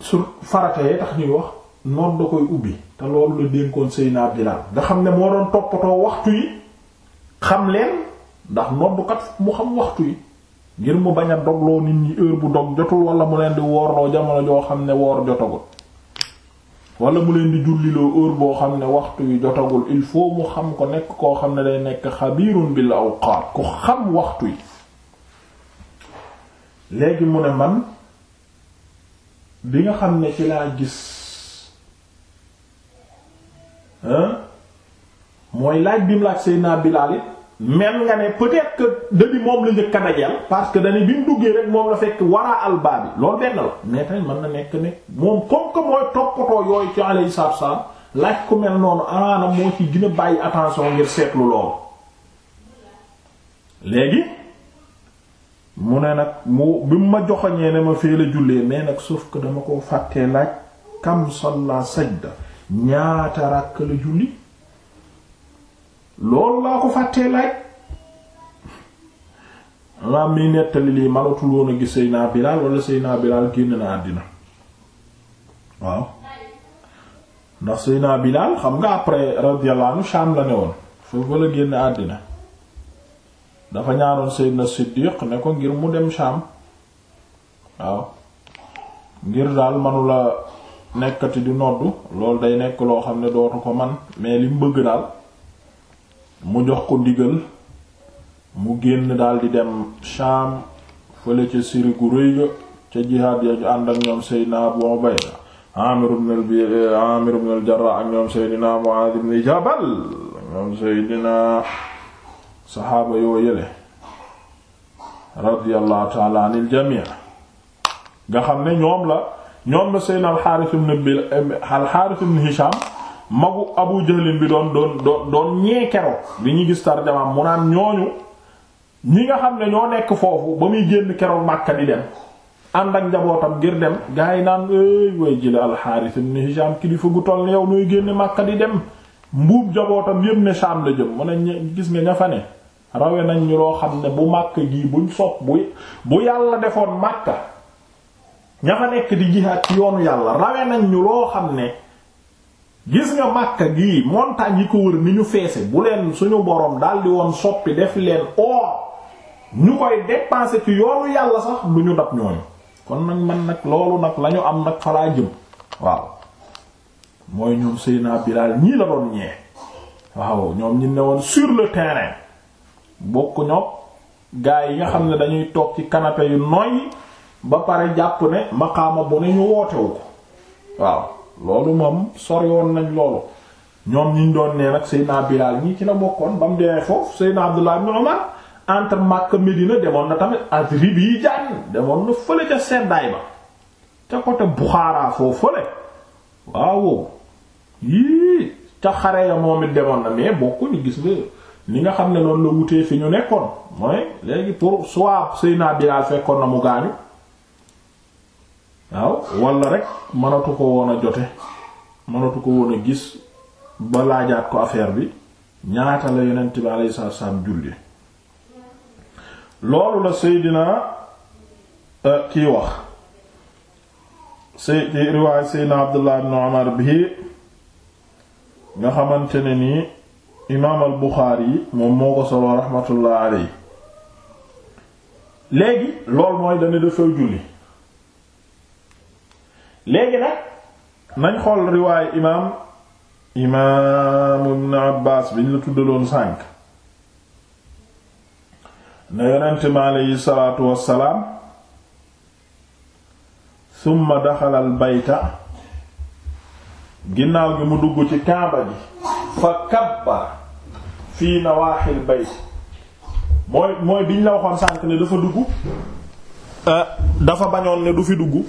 sur farata yee tax ñuy wax noonu da koy ubbi te loolu la dénkoon naa Bilaal nga xam ne moo doon toppatoo waxtu yi xam leen ndax noddukat mu xam waxtu yi ngir mu bañ a dogloo nit ñi heure bu dog jotul wala mu leen di woorloo jamono joo xam ne woor jotagul wala mu leen di julliloo heure boo xam ne waxtu yi jotagul il faut mu xam ko nekk koo xam ne day nekk xabirun bil awqaat ku xam waxtu yi léegi mu ne man bi nga xam ne ci laa gis mooy laaj bi mu laaj Seydina Bilaal même nga ne peut-être que moom la njëkk a parce que dani bi mu duggee rek moom la fekk wara albaa bi loolu benn la mais mën na nekk ne moom comme que mooy toppatoo yooyu ci alayhi salaatu salaam laaj ku mel noonu amaana moo ci gën bàyyi attention ngir seetlu loolu léegi mu ne nag mu bi mu ma joxoñee ne ma fee la jullee mais nag sauf que dama ko fàttee laaj kam salla sajda ñaata ràkk la julli loolu laa ko fàttee laaj maam mi nettali lii malatul woon a gis Seydina Bilaal wala Seydina Bilaal génn na àddina waaw ndax Seydina Bilaal xam nga après radiyallahu Shaam la ne woon foofu la génn àddina dafa ñaanoon Seydina Siddiq ne ko ngir mu dem Shaam waaw ngir daal manula nekkati di noddu loolu day nekk loo xam ne dootu ko man mais li mu bëgg daal mu jox ko diggal mu génn daal di dem Sham fële ca siri gu rëy ga ca jihaad ya ñu ànd ak ñoom Seydina Abu Ubayda Amir ibn Amir ibn al-Jarrah ak ñoom Seydina Mu'adh ibn Jabal ñoom Seydina saxaaba yoo yële radiyallahu ta'ala anil jami' nga xam ne ñoom la ñoom la seen alxaaris ibn bil alxaaris ibn hisham magu abu jahlin bi doon doon doon doon ñee keroog li ñuy gis tarjamaam mu naan ñooñu ñi nga xam ne ñoo nekk foofu ba muy génn keroog Makka di dem ànd ak njabootam ngir dem gaa yi naan éy way jële alxaaris ibn hisham kilifa gu toll yow nooy génn Makka di dem mbuub njabootam yépp ne Sham la jëm mu ne gis nga ña fa ne rawe nañ ñu loo xam ne bu Makka gii buñ sopp bu bu yàlla defoon Makka ña fa nekk di jihaad ci yoonu yàlla rawe nañ ñu loo xam ne gis nga Makka gi montagne yi ko wër ni ñu feese bu leen suñu borom daldi woon soppi def leen or ñu koy dépenser fi yoonu yàlla sax du ñu dab ñooñu kon nag man nag loolu nag lañu am nag falaa jëm waaw mooy ñoom Seydina Bilaal ñii la doon ñee waaw ñoom ñi ne woon sur le terrain bokk ñoom gaa yi nga xam ne dañuy toog ci canapé yu nooy ba pare jàpp ne maqaama bu ne ñu wootewu ko waaw loolu moom sori yoon nañ loolu ñoom ñu doon nee nag Seydina Bilaal ñii ci la bokkoon ba mu demee foofu Seydina Abdullah ibn Umar entre Makka Medina demoon na tamit Azribijaan demoon na fële ca seddaay ba ca côté Buxaara foofu fële waaw yii ca xare ya moom it demoon na mais bokkuñu gis nga li nga xam ne noonu la wutee fi ñu nekkoon mooy léegi pour soit Seydina Bilaal fekkoon na mu gaañu waaw wala rek mënatu ko woon a jote mënatu ko woon a gis ba laajaat ko affaire bi ñaata la yonent bi alayhi salaatu salaam julli loolu la Seydina euh, kii wax Sey riwaay Seydina Abdullah ibn Umar bi nga xamante nii imaam al yi moom moo ko solo rahmatullah alayhi léegi loolu mooy dana dafay julli léegi nag nañ xool riwaayu imaam imaam ibn Abbaas bi ñu la tuddaloon sànk na yonent mi aleyhi salaatu wassalaam summa daxala bayta ginnaaw gi mu dugg ci kaaba gi fa kabbara fii nawaaxil bayt mooy mooy biñ la waxoon sànk ne dafa dugg eh, dafa bañoon ne du fi dugg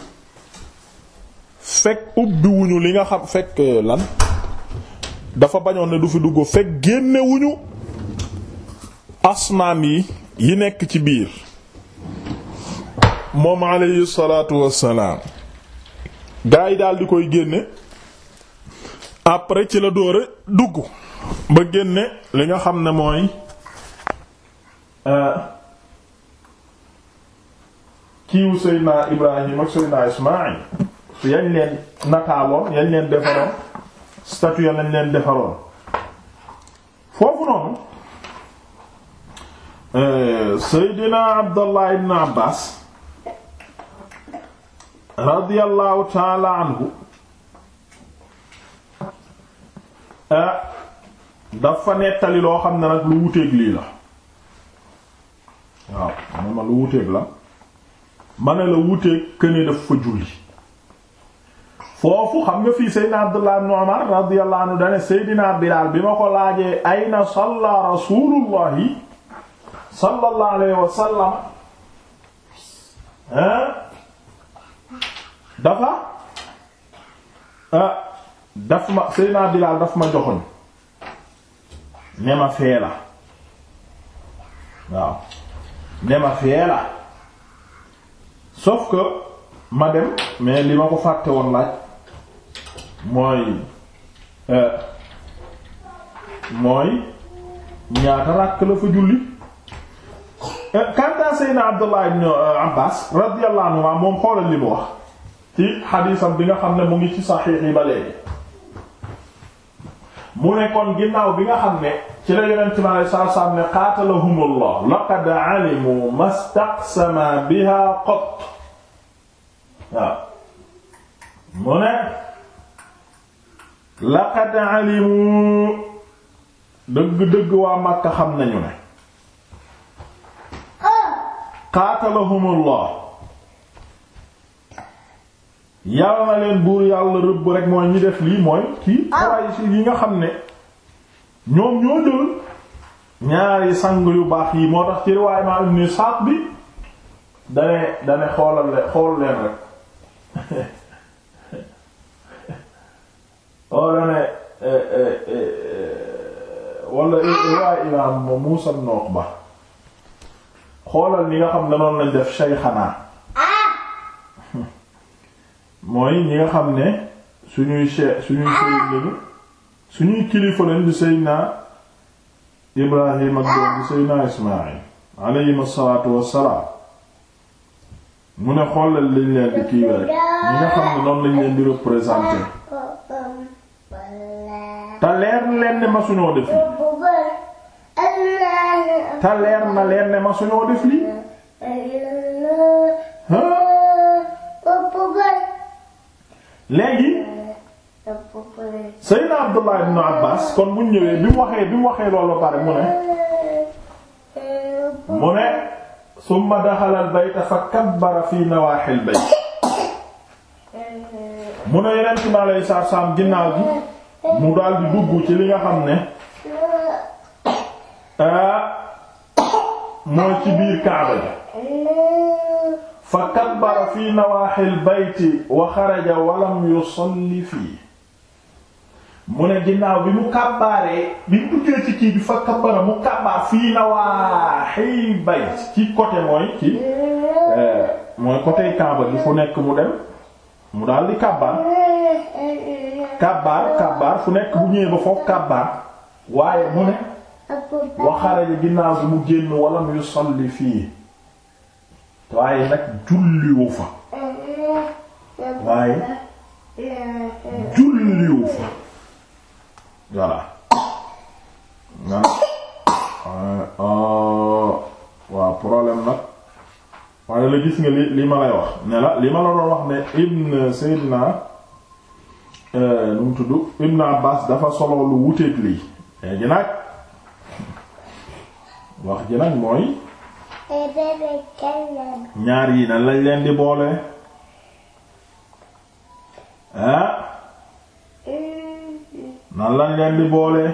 fekk ubbi li nga xam fekk euh, lan dafa bañoon ne du fi dugg fekk génnewuñu wuñu yi nekk ci biir moom alayhi salaatu wassalaam gaa yi daal di koy génne après ci la dóora dugg ba génne li nga xam ne mooy euh, kiiw Seydina Ibrahim ak Seydina Ismaïl yañ leen nataaloon yañ leen defaroon statue ya lañ leen defaroon foofu noonu euh, Seydina Abdallah ibn Abbas radiyallahu taala anhu euh, dafa nettali loo xam ne nag lu wuteeg lii la waaw ma ma lu wuteeg la ma ne la wuteeg këne daf julli foofu xam nga fii Seydina Abdullah Bilaal bi ma ko laajee ayna salla rasulullahi sallallahu alayhi wa sallam dafa ah, daf ma Seydina Bilaal daf ma joxoñ ne ma fee waaw ne ma fee la sauf ma dem mais li ma ko fàtte woon laaj mooy euh, mooy ñaata ràkk la fa julli euh, kantaa seydna abdullah ibn euh, abbas radiyallahu anhu moom xoolal li mu wax ci xadiisam bi nga xam ne mu ngi ci saxiix yi ba kon ginnaaw bi nga xam ne ci la yonent mi alayhi salaatu salaam ne laqad alimu mastaqsama biha qat laqad alimu dëgg-dëgg waa Makka xam nañu ne qaatalahumullah yàlla na leen buur yàlla rëbb rek mooy ñi def lii mooy ci Quraysh yi nga xam ne ñoom ñoo jël ñaari sang yu baax yi moo tax ci riwaay ma Ibn Sa'd bi dane dane xoolal leen xool leen rek wala ne wala riwaay imaam Muusa ibn Uqba xoolal ñi nga xam ne noonu lañ def sheyxanaa mooy ñi nga xam ne suñuy she suñuy sëriñ lañu suñuy kilifa lañ di Seydina Ibrahim ak doom di Seydina Ismaayil alayhim salaatu wassalaam mu ne xoolal lañ leen di kii rek ñi nga xam ne noonu lañ leen di représenter te leer leen ne ma suñoo def lii te leer na leen ne ma suñoo def lii léegi Seydina Abdullah ibn Abbas kon buñ ñëwee bi mu waxee bi mu waxee loolu pare mu ne mu ne summa daxala al bayta fa kabbara fi nawaaxil bayt mu ne yeneen ci lay saar ginnaaw gi mu daal di dugg ci li nga xam ne ah, mooy ci biir kaaba bi fa kabbara fi nawaaxil bayti wa xaraja walam yusalli fii mu ne ginnaaw bi mu kàbbaaree bi mu duggee ci kii bi fa kabbara mu kàbbaar fii nawaaxil bayt ci côté mooy ci eh, mooy côté kaaba bi fu nekk mu dem mu daal di kàbbaar kàbbaar kàbbaar fu nekk bu ñëwee ba foofu kàbbaar waaye mu ne waxaraja ginnaaw bi mu génn walla mu yusalli fii waaye nag julliwu fa waaye julliwu fa ah, ah, waaw problème nag waaye la gis nga li li ma lay wax ne la li ma la doon wax ne ibn Seydina Euh, nu mu tudd Ibn Abbas dafa solo lu wuteeg lii léegi wax ji mooy ñaar yi nan lañ leen di boole ah nan lañ leen di boole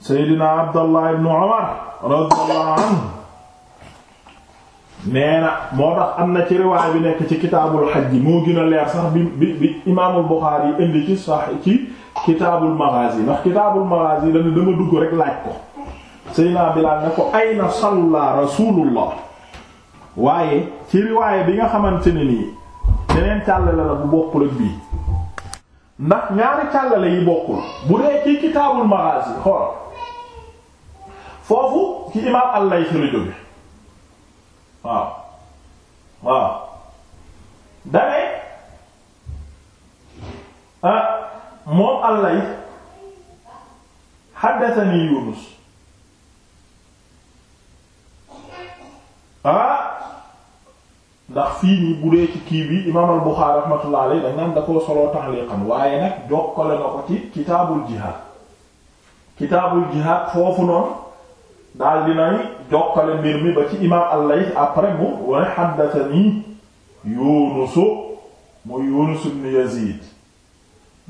Seydina Abdallah ibn Umar radiyallahu anhu nee na moo tax am na ci riwaay bi nekk ci kitaabul xaj ji moo gën a leer sax bi bi bi imaamul Buxaari yi indi ci sax ci kitaabul maghazi ndax kitaabul maghazi dana dama dugg rek laaj ko Seydina Bilaal ne ko ayna salla rasulullah waaye ci riwaay bi nga xamante ne nii beneen càllale la bu bokkul ak bii ndax ñaari càllale yi bokkul bu dee ci kitaabul maghazi xool foofu ci imaam al-Layth la jóge waaw waaw dane ah, moom allay xaddatani yunus ah, ndax fii nii bu ci kii bi imaam al Buxaari rahmatullah alayhi dañ naan da koo soloo taxliqan waaye nag jokkale na ko ci kitaabul jihaad kitaabul jihaad foofu noonu daal dinay jokkale mbir mi ba ci imaam al-Layth après mu wa haddathani Yunus mu Yunus ibn Yazid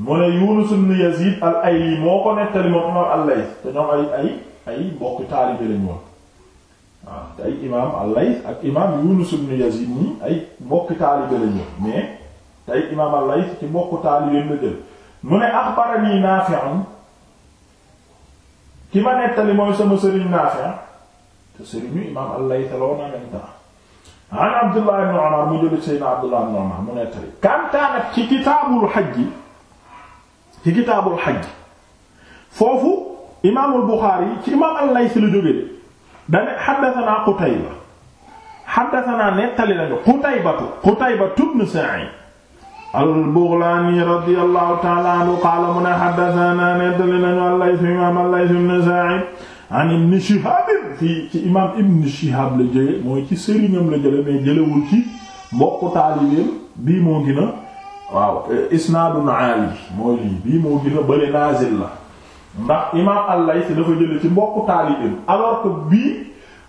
mu ne Yunus ibn Yazid al-Ayli moo ko nettali moom imaam al te ñoom ay ay ay mbokk taalibe lañu woon te ay imaam al ak imaam Yunus ibn Yazid nii ay mbokk taalibe lañu woon te ay imaam al ci mbokk taalibe la jël mu ne akhbarani Nafi' ki ma nettali mooy sama sëriñ Nafi' te sëriñu imaam al-Layth la woon en même temps an Abdullah ibn Umar mu jële Seydina Abdullah ibn Umar mu nettali kantaa nag ci kitaabul xaj ci kitaabul xaj foofu imaamul Buxaari ci imaam al-Layth la jóge de dane xaddatanaa Qutayba xaddatanaa nettali lañu Qutaybatu Qutaybatu ibn Sa'id al-Baghlani radiyallahu ta'ala anhu qaala mu ne xaddatanaa nettali lañu al-Layth imaam al-Layth ibn Sa'id an ibn Shihab ci imam ibn Shihab la jële mooy ci sëriñam la jële mais jëlewul ci mbokku taalibeem bii moo gina a waaw isnaadun aali mooy lii bii moo gën a bële naazil la ndax imam al-Layth dafa jële ci mbokku taalibeem alors que bii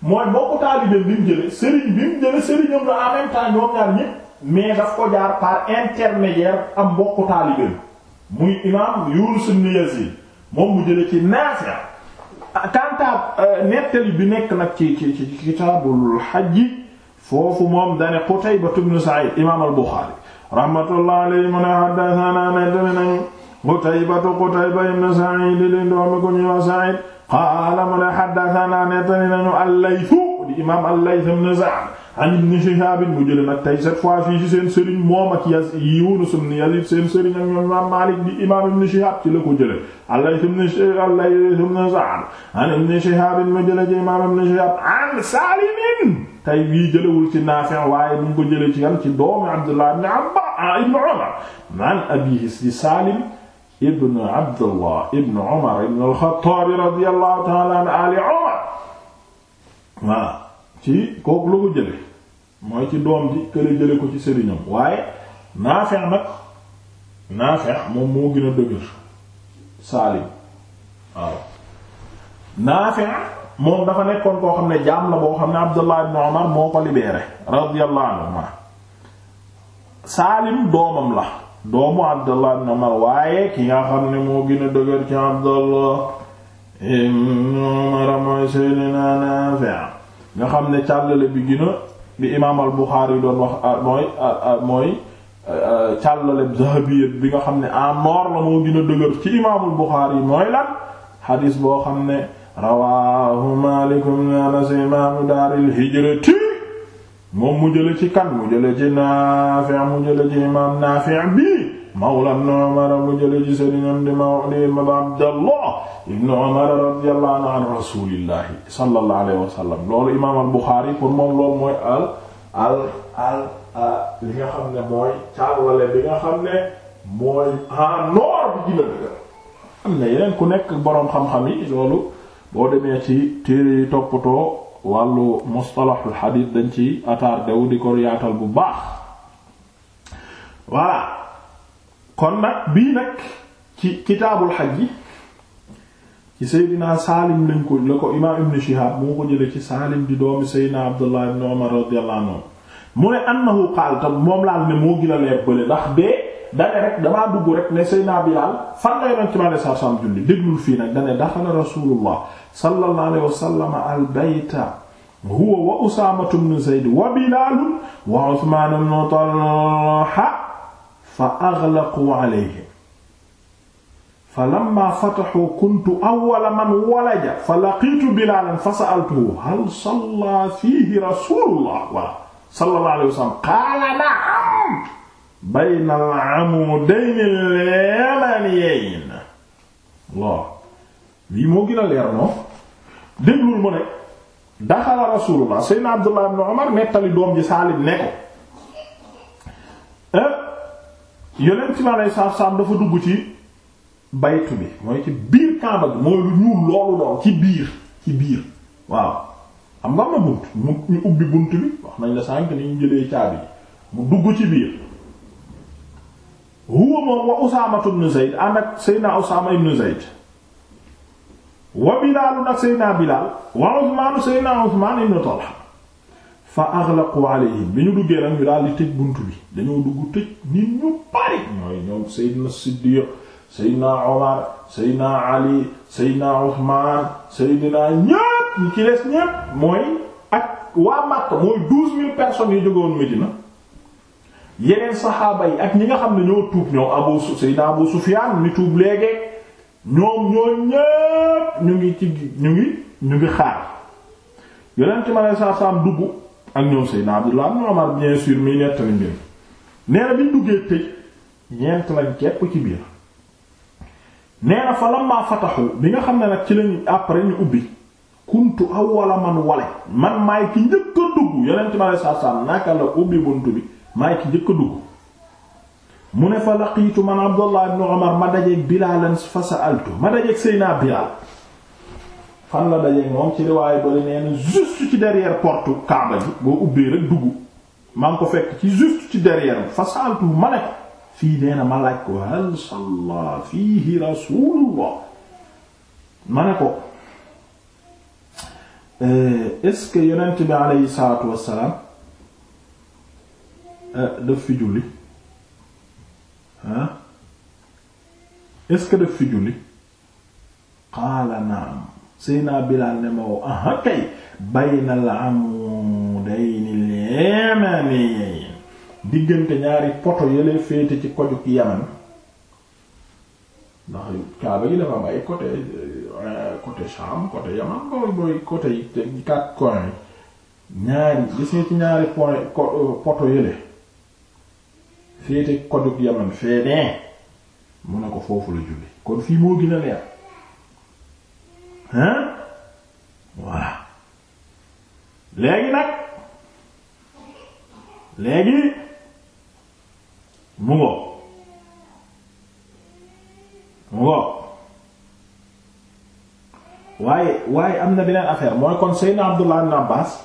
mooy mbokku taalibeem bi mu jële sëriñ bi mu jële sëriñam la en même temps ñépp mais daf ko par intermédiaire am mbokku taalibeem muy imam Yunus ibn moom mu jële ci Naafi' kanta ah, euh, nettali bi nekk nag ci ci ci kitaabul hajji foofu moom dane Qutayba ibn Sa'id imaam al-Bukhari rahmatullah alayhi mu ne haddathana nettali nañu Qutayba Qutayba ibn Sa'id li doomi ko ñuy wax Sa'id qaala mu ne haddathana nettali nañu al-Layth di imaam al-Layth ibn Sa'd an ibn Shihab mu jëlee nag tey cette fois fii ci seen sëriñ moom ak yas Yunus ibn Yazid seen sëriñ ak ñoom imaam Maalik di imaam ibn Shihab ci la ko jëlee Al-Layth ibn Sa'd an ibn Shihab mu jëlee ci imaam ibn Shihab an Salim tey bii jëlewul ci Naafi' waaye mu ngi ko jëlee ci yan ci doomu Abdullah ibn Abba ah, ibn Umar an abiihi Salim ibn Abdullah ibn Umar ibn al-Khattab radiyallahu ta'ala an ali Umar ci kooku la ko jële mooy ci doom ji kële jële ko ci sëriñam waaye Naafi' nag Naafi' moom moo gën a dëgër Saalim waaw Naafi' moom dafa nekkoon koo xam ne jaam la boo xam ne Abdullah ibn Umar moo ko libéré radiyallahu anhuma Saalim doomam la doomu Abdullah ibn Umar waaye ki nga xam ne moo gën a dëgër ci Abdullah ibn Umar mooy Seydina Naafi' nga xam ne càllale bi gën a bi imaam al Buxaari doon wax ah, mooy ah, ah, mooy càllale zahabi bi nga xam ne en la moo gën a dëgër ci imaamul Buxaari mooy lan xadiis boo xam ne rawaahu Maalik ibn Anas imaamu daaril hijrati moom mu jële ci kan mu jële ci Naafi' mu jële ci imaam Naafi' bi mawla ibn Umar mu jële ci sëriñam di mawla Abdallah ibn Umar radiyallahu anhu an rasulillahi sallallahu alayhi wa sallam loolu imaam al-Bukhari pour moom loolu mooy al al al li nga xam ne mooy caalale bi nga xam ne mooy en noor bi dina dëgër am na yeneen ku nekk boroom xam-xam yi loolu boo demee ci téere yi toppatoo wàllu mustalahul hadith dañ ci attardé wu di ko yaatal bu baax voilà kon nag bii nag ci kitaabul xaj ci seydinaa saalim lañ ko la ko imaam ibn shihaab moo ko jële ci saalim di doomi seydinaa abdullah ibn umar radiyallahu anhu mu ne annahu qaal tam moom laal ne moo gën a leer bële ndax bee dane rek damaa dugg rek ne seydinaa bilaal fan la yonent mi alayhi salaam julli déglul fii nag dane daxala rasuulullah sallallahu alayhi wa sallam huwa wa usaamatu ibn zayd wa fa aghlaqu alayhim fa lamma fataxu kuntu awwala man walaja fa laqiitu bilaalan fa sa'altuhu hal salla fiihi rasuulullah wa sallallahu alayhi wa sallam qaala na'am bayna al-amuudayni al-yamaniyayni Allah lii moo gën a leer noonu déglul mu ne daxala rasuulullah sayyidina Abdullah ibn Umar nettali doom ji Saalim ne ko eh, yonent bi aleyhi salaatu salaam dafa dugg ci baytu bi mooy ci biir kaaba bi mooy lu ñuul loolu lool ci biir ci biir waaw xam nga am na bunt ñu ubbi bunt bi wax nañ la sànk ni ñu jëlee caabi mu dugg ci biir huwa moom wa Usaamatu ibn Zayd ànd ak Seydina Usaama ibn Zayd wa Bilaalu nag Seydina Bilaal wa Usmaanu Seydina Usmaan ibn Talha fa aghlaqu alayhim bi ñu duggee nag ñu daal tëj bunt bi dañoo dugg tëj nit ñu bari mooy ñoom Seydina Siddiq Seydina Omar Seydina Ali Seydina Uthman Seydina ñépp ñi ci des ñépp mooy ak waa Makka mooy douze mille personnes yi jógewoon Medina yeneen saxaaba yi ak ñi nga xam ne ñoo tuub ñoom Abu Seydina Abu Sufyaan mi tuub léegi ñoom ñoo ñépp ñu ngi ci ñu ngi ñu ngi xaar ma ne saa saam dugg ak ñoom Seydina Abdullah ibn Umar bien sûr muy nettali mbir nee na bi duggee tëj ñeent lañ képp ci biir nee na fa lamma fataxu bi nga xam ne nag ci lañ après ñu ubbi kuntu awwala man wale man maay ki njëkk dugg yonent bi alayhi salaatu salaam naka la ubbi bunt bi maay ki njëkk a dugg mu ne fa laqiitu man Abdullah ibn Umar ma dajeeg Bilaal fa sa'altu ma dajeeg Seydina Bilaal fan la dajeeg moom ci riwaaye bari nee na ci derrière porte Kaaba ji boo ubbee rek dugg maa ko fekk ci juste ci derrière fa saaltu ma ne ko fii nee ma laaj ko hal salla fiihi rasulullah ma ne ko eh, est-ce que yonent bi aleyhi salaatu wassalaam eh, daf fi julli ah est-ce fi julli qaala naam Seydina Bilaal ne ma wow aha kay baynal amudaynil yamaniyayn diggante ñaari poto yële féete ci kojug Yaman ndax Kaaba gi dafa am ay côté euh, côté Sham Yaman booy booy côté yi te quatre ñaari gis ci ñaari point euh, poto yële féete kojug Yaman fee mun na ko foofu la julli kon fii moo gën leer hein voilà léegi nag léegi mu ngo mu ngo waaye waaye am na beneen affaire mooy kon Seydina Abdullah ibn Abbas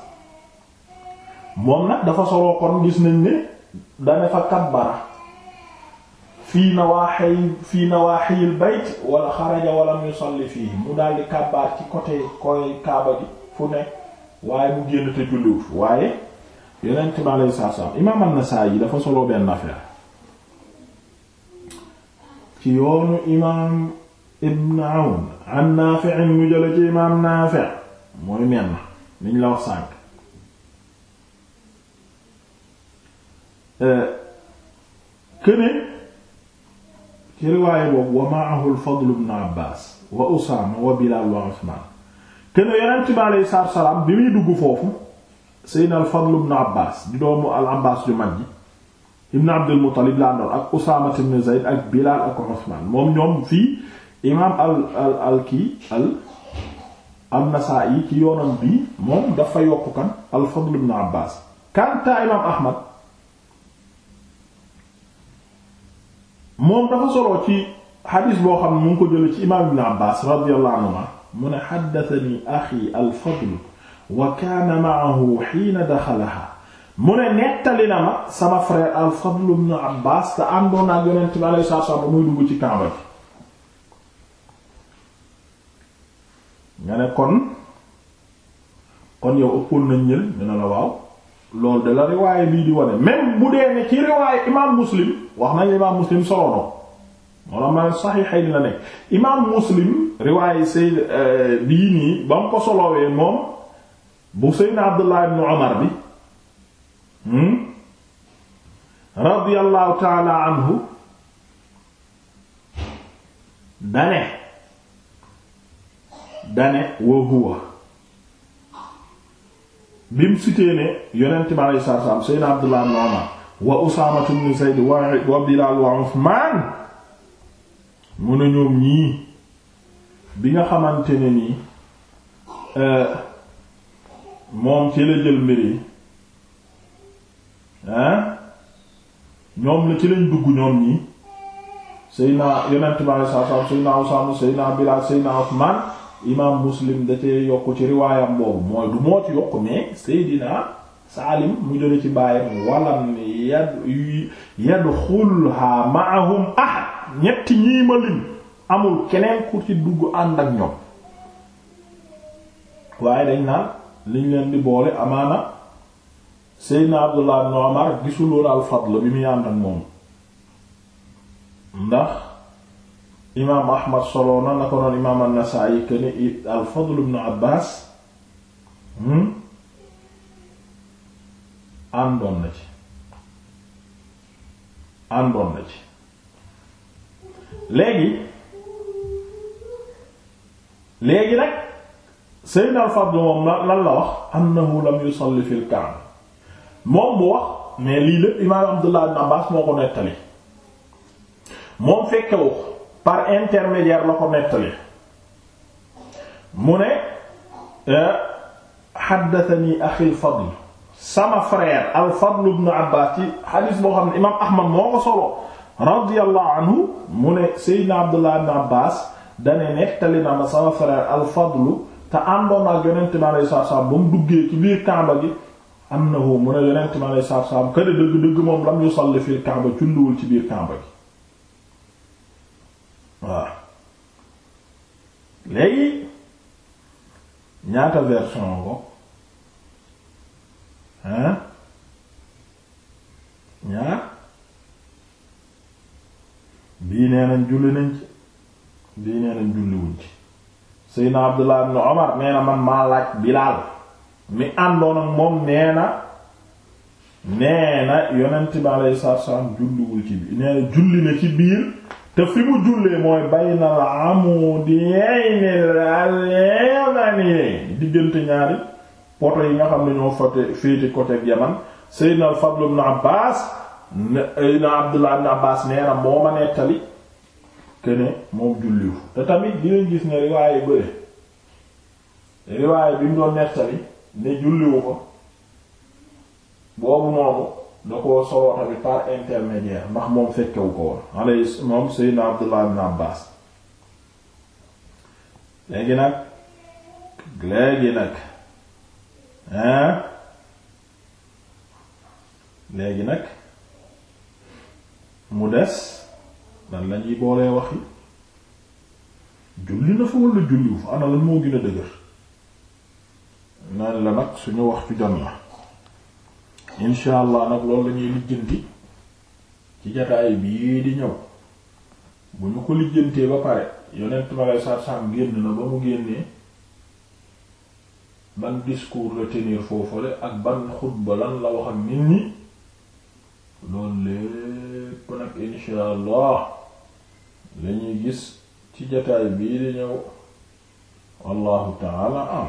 moom nag dafa soloo kon gis nañ ne dane fa kabbara fii nawaaxi fii nawaaxil bayt wala xaraja walam yusalli fii mu daldi kàbbaar ci côté koy kaaba gi fu ne waaye mu génn te julliwul waaye dafa solo benn affaire ci yoonu imaam Ibn Awn an Naafi' mu jële ci imaam Naafi' mooy menn niñ la wax sànk eh, këne ci riwaaya boobu wa ma'ahu al-Fadl ibn Abbas wa Usaama wa Bilaal wa Usmaan kenn yonent bi alayhi salaatu salaam bi muy dugg foofu Seydina al-Fadl ibn Abbas di doomu al-Abbas ju mag ji ibn Abdul Muttalib laa doon ak Usaama ibn Zayd ak Bilaal ak Usmaan moom ñoom fii imaam al al al kii al an-Nasaa'i ci yoonam bii moom dafa yokk kan al-Fadl ibn Abbas kanta imaam Ahmad moom dafa soloo ci xadis boo xam ne mu ko jële ci imaam ibn Abbaas radiyallahu anhuma mu ne xaddatani axi al-Fadl wa kaana ma'ahu xiina daxalaha mu ne nettali na ma sama frère al-Fadl ibn Abbaas te àndoon naa yonent bi alayhi salaatu wa muy dugg ci Kaaba bi nga ne kon kon yow ëppoon nañ ñël ñu la waaw loolu de la riwaaye bii di wane même bu dee ne ci riwaaye imaam muslim wax nañ imaam muslim solono moo ma la nekk imaam muslim riwaaye say eh, bii nii ba mu ko solowee moom bu seydna abdullah ibn umar bi hmm, radiyallahu taala anhu dane dane wa huwa bi mu cité ne yonent bi alayhi salaatu salaam Seydina Abdullah ibn Umar wa Usaama ibn Zayd wa Bilaal wa Usmaan mun a ñoom ñii bi nga xamante nii euh, moom ci la jël ñoom ci lañ dugg ñoom ñii Seydina yonent bi alayhi salaatu salaam Seydina Usaama Seydina Bilaal Seydina Usmaan imaam muslim da cee yokk ci riwaayam boobu mooy du moo ci yokk mais Seydina Saalim mu jële ci bàyyam walam yad yadxulha ma'ahum ahad ñetti ñii ma lim amul keneen ku ci dugg ànd ak ñoom waaye dañ naan liñ leen di boole amaana Seydina Abdullah ibn Umar gisuloon al bi muy ànd ak moom ndax imaam ahmad soloona na ko noon imaam an-Nasaa'i këne al Fadl ibn Abbaas hmm, àndoon na ci àndoon na ci léegi léegi nag Seydina al Fadl moom lan la wax annahu lam yusalli fil Kaaba moom bu wax mais lii lépp imaam Abdullah ibn Abbaas moo ko nettali moom fekkewu par intermédiaire la ko nettali mu ne xaddatani euh, axil fadl sama frère al fadl ibn abbas ci xadiis boo xam ne imaam ahmad moo ko solo radiyallahu anhu mu ne seydina abdullah ibn abbas dane nettali na ma sama frère al fadl te àndoon ak yonent mi alayhi salaatu salaam ba mu duggee ci biir kaaba gi am na hu mu ne yonent mi alayhi salaatu salaam kër dëgg dëgg moom lam yusalli fil kaaba julliwul ci biir kaaba gi waaw léegi ñaata version ko hein ñaar bii nee nañ julli nañ ci bii nee nañ julli wuñ ci Seydina Abdullah ibn Omar nee na man maa laaj Bilaal mi àndoon ak moom nee na nee na yonent bi alayhi salaatu wa salaam julliwul ci biir nee na julli na ci biir te fi mu jullee mooy bayna al amudayni al yamani diggante ñaari poto yi nga xam ne ñoo fote féete côté Yaman Seydina al Fadl ibn Abbas na Abdullah ibn Abbas nee na moo ma nettali moom julliwu te tamit dinañ gis ne riwaaye bëre riwaaye bi mu doon nettali ne julliwu ko boobu noonu da koo soloo tamit par intermédiaire ndax moom fekkewu ko woon alay moom seydna abdullah ibn abbas léegi nag léegi nag hein léegi nag mu des lan lañuy boolee wax yi julli na fa wala julliwu fa ana lan moo gën a dëgër naan la nag suñu wax ci jon la insha allah nag loolu lañuy lijjanti ci jataay bii di ñëw bu ñu ko lijjantee ba pare yonent ma lay sarsam génn na ba mu génnee ban discours la tenir foofale ak ban xutba lan la wax nit ñi loolu lépp nag insha allah lañuy gis ci jataay bii di ñëw wallahu taala am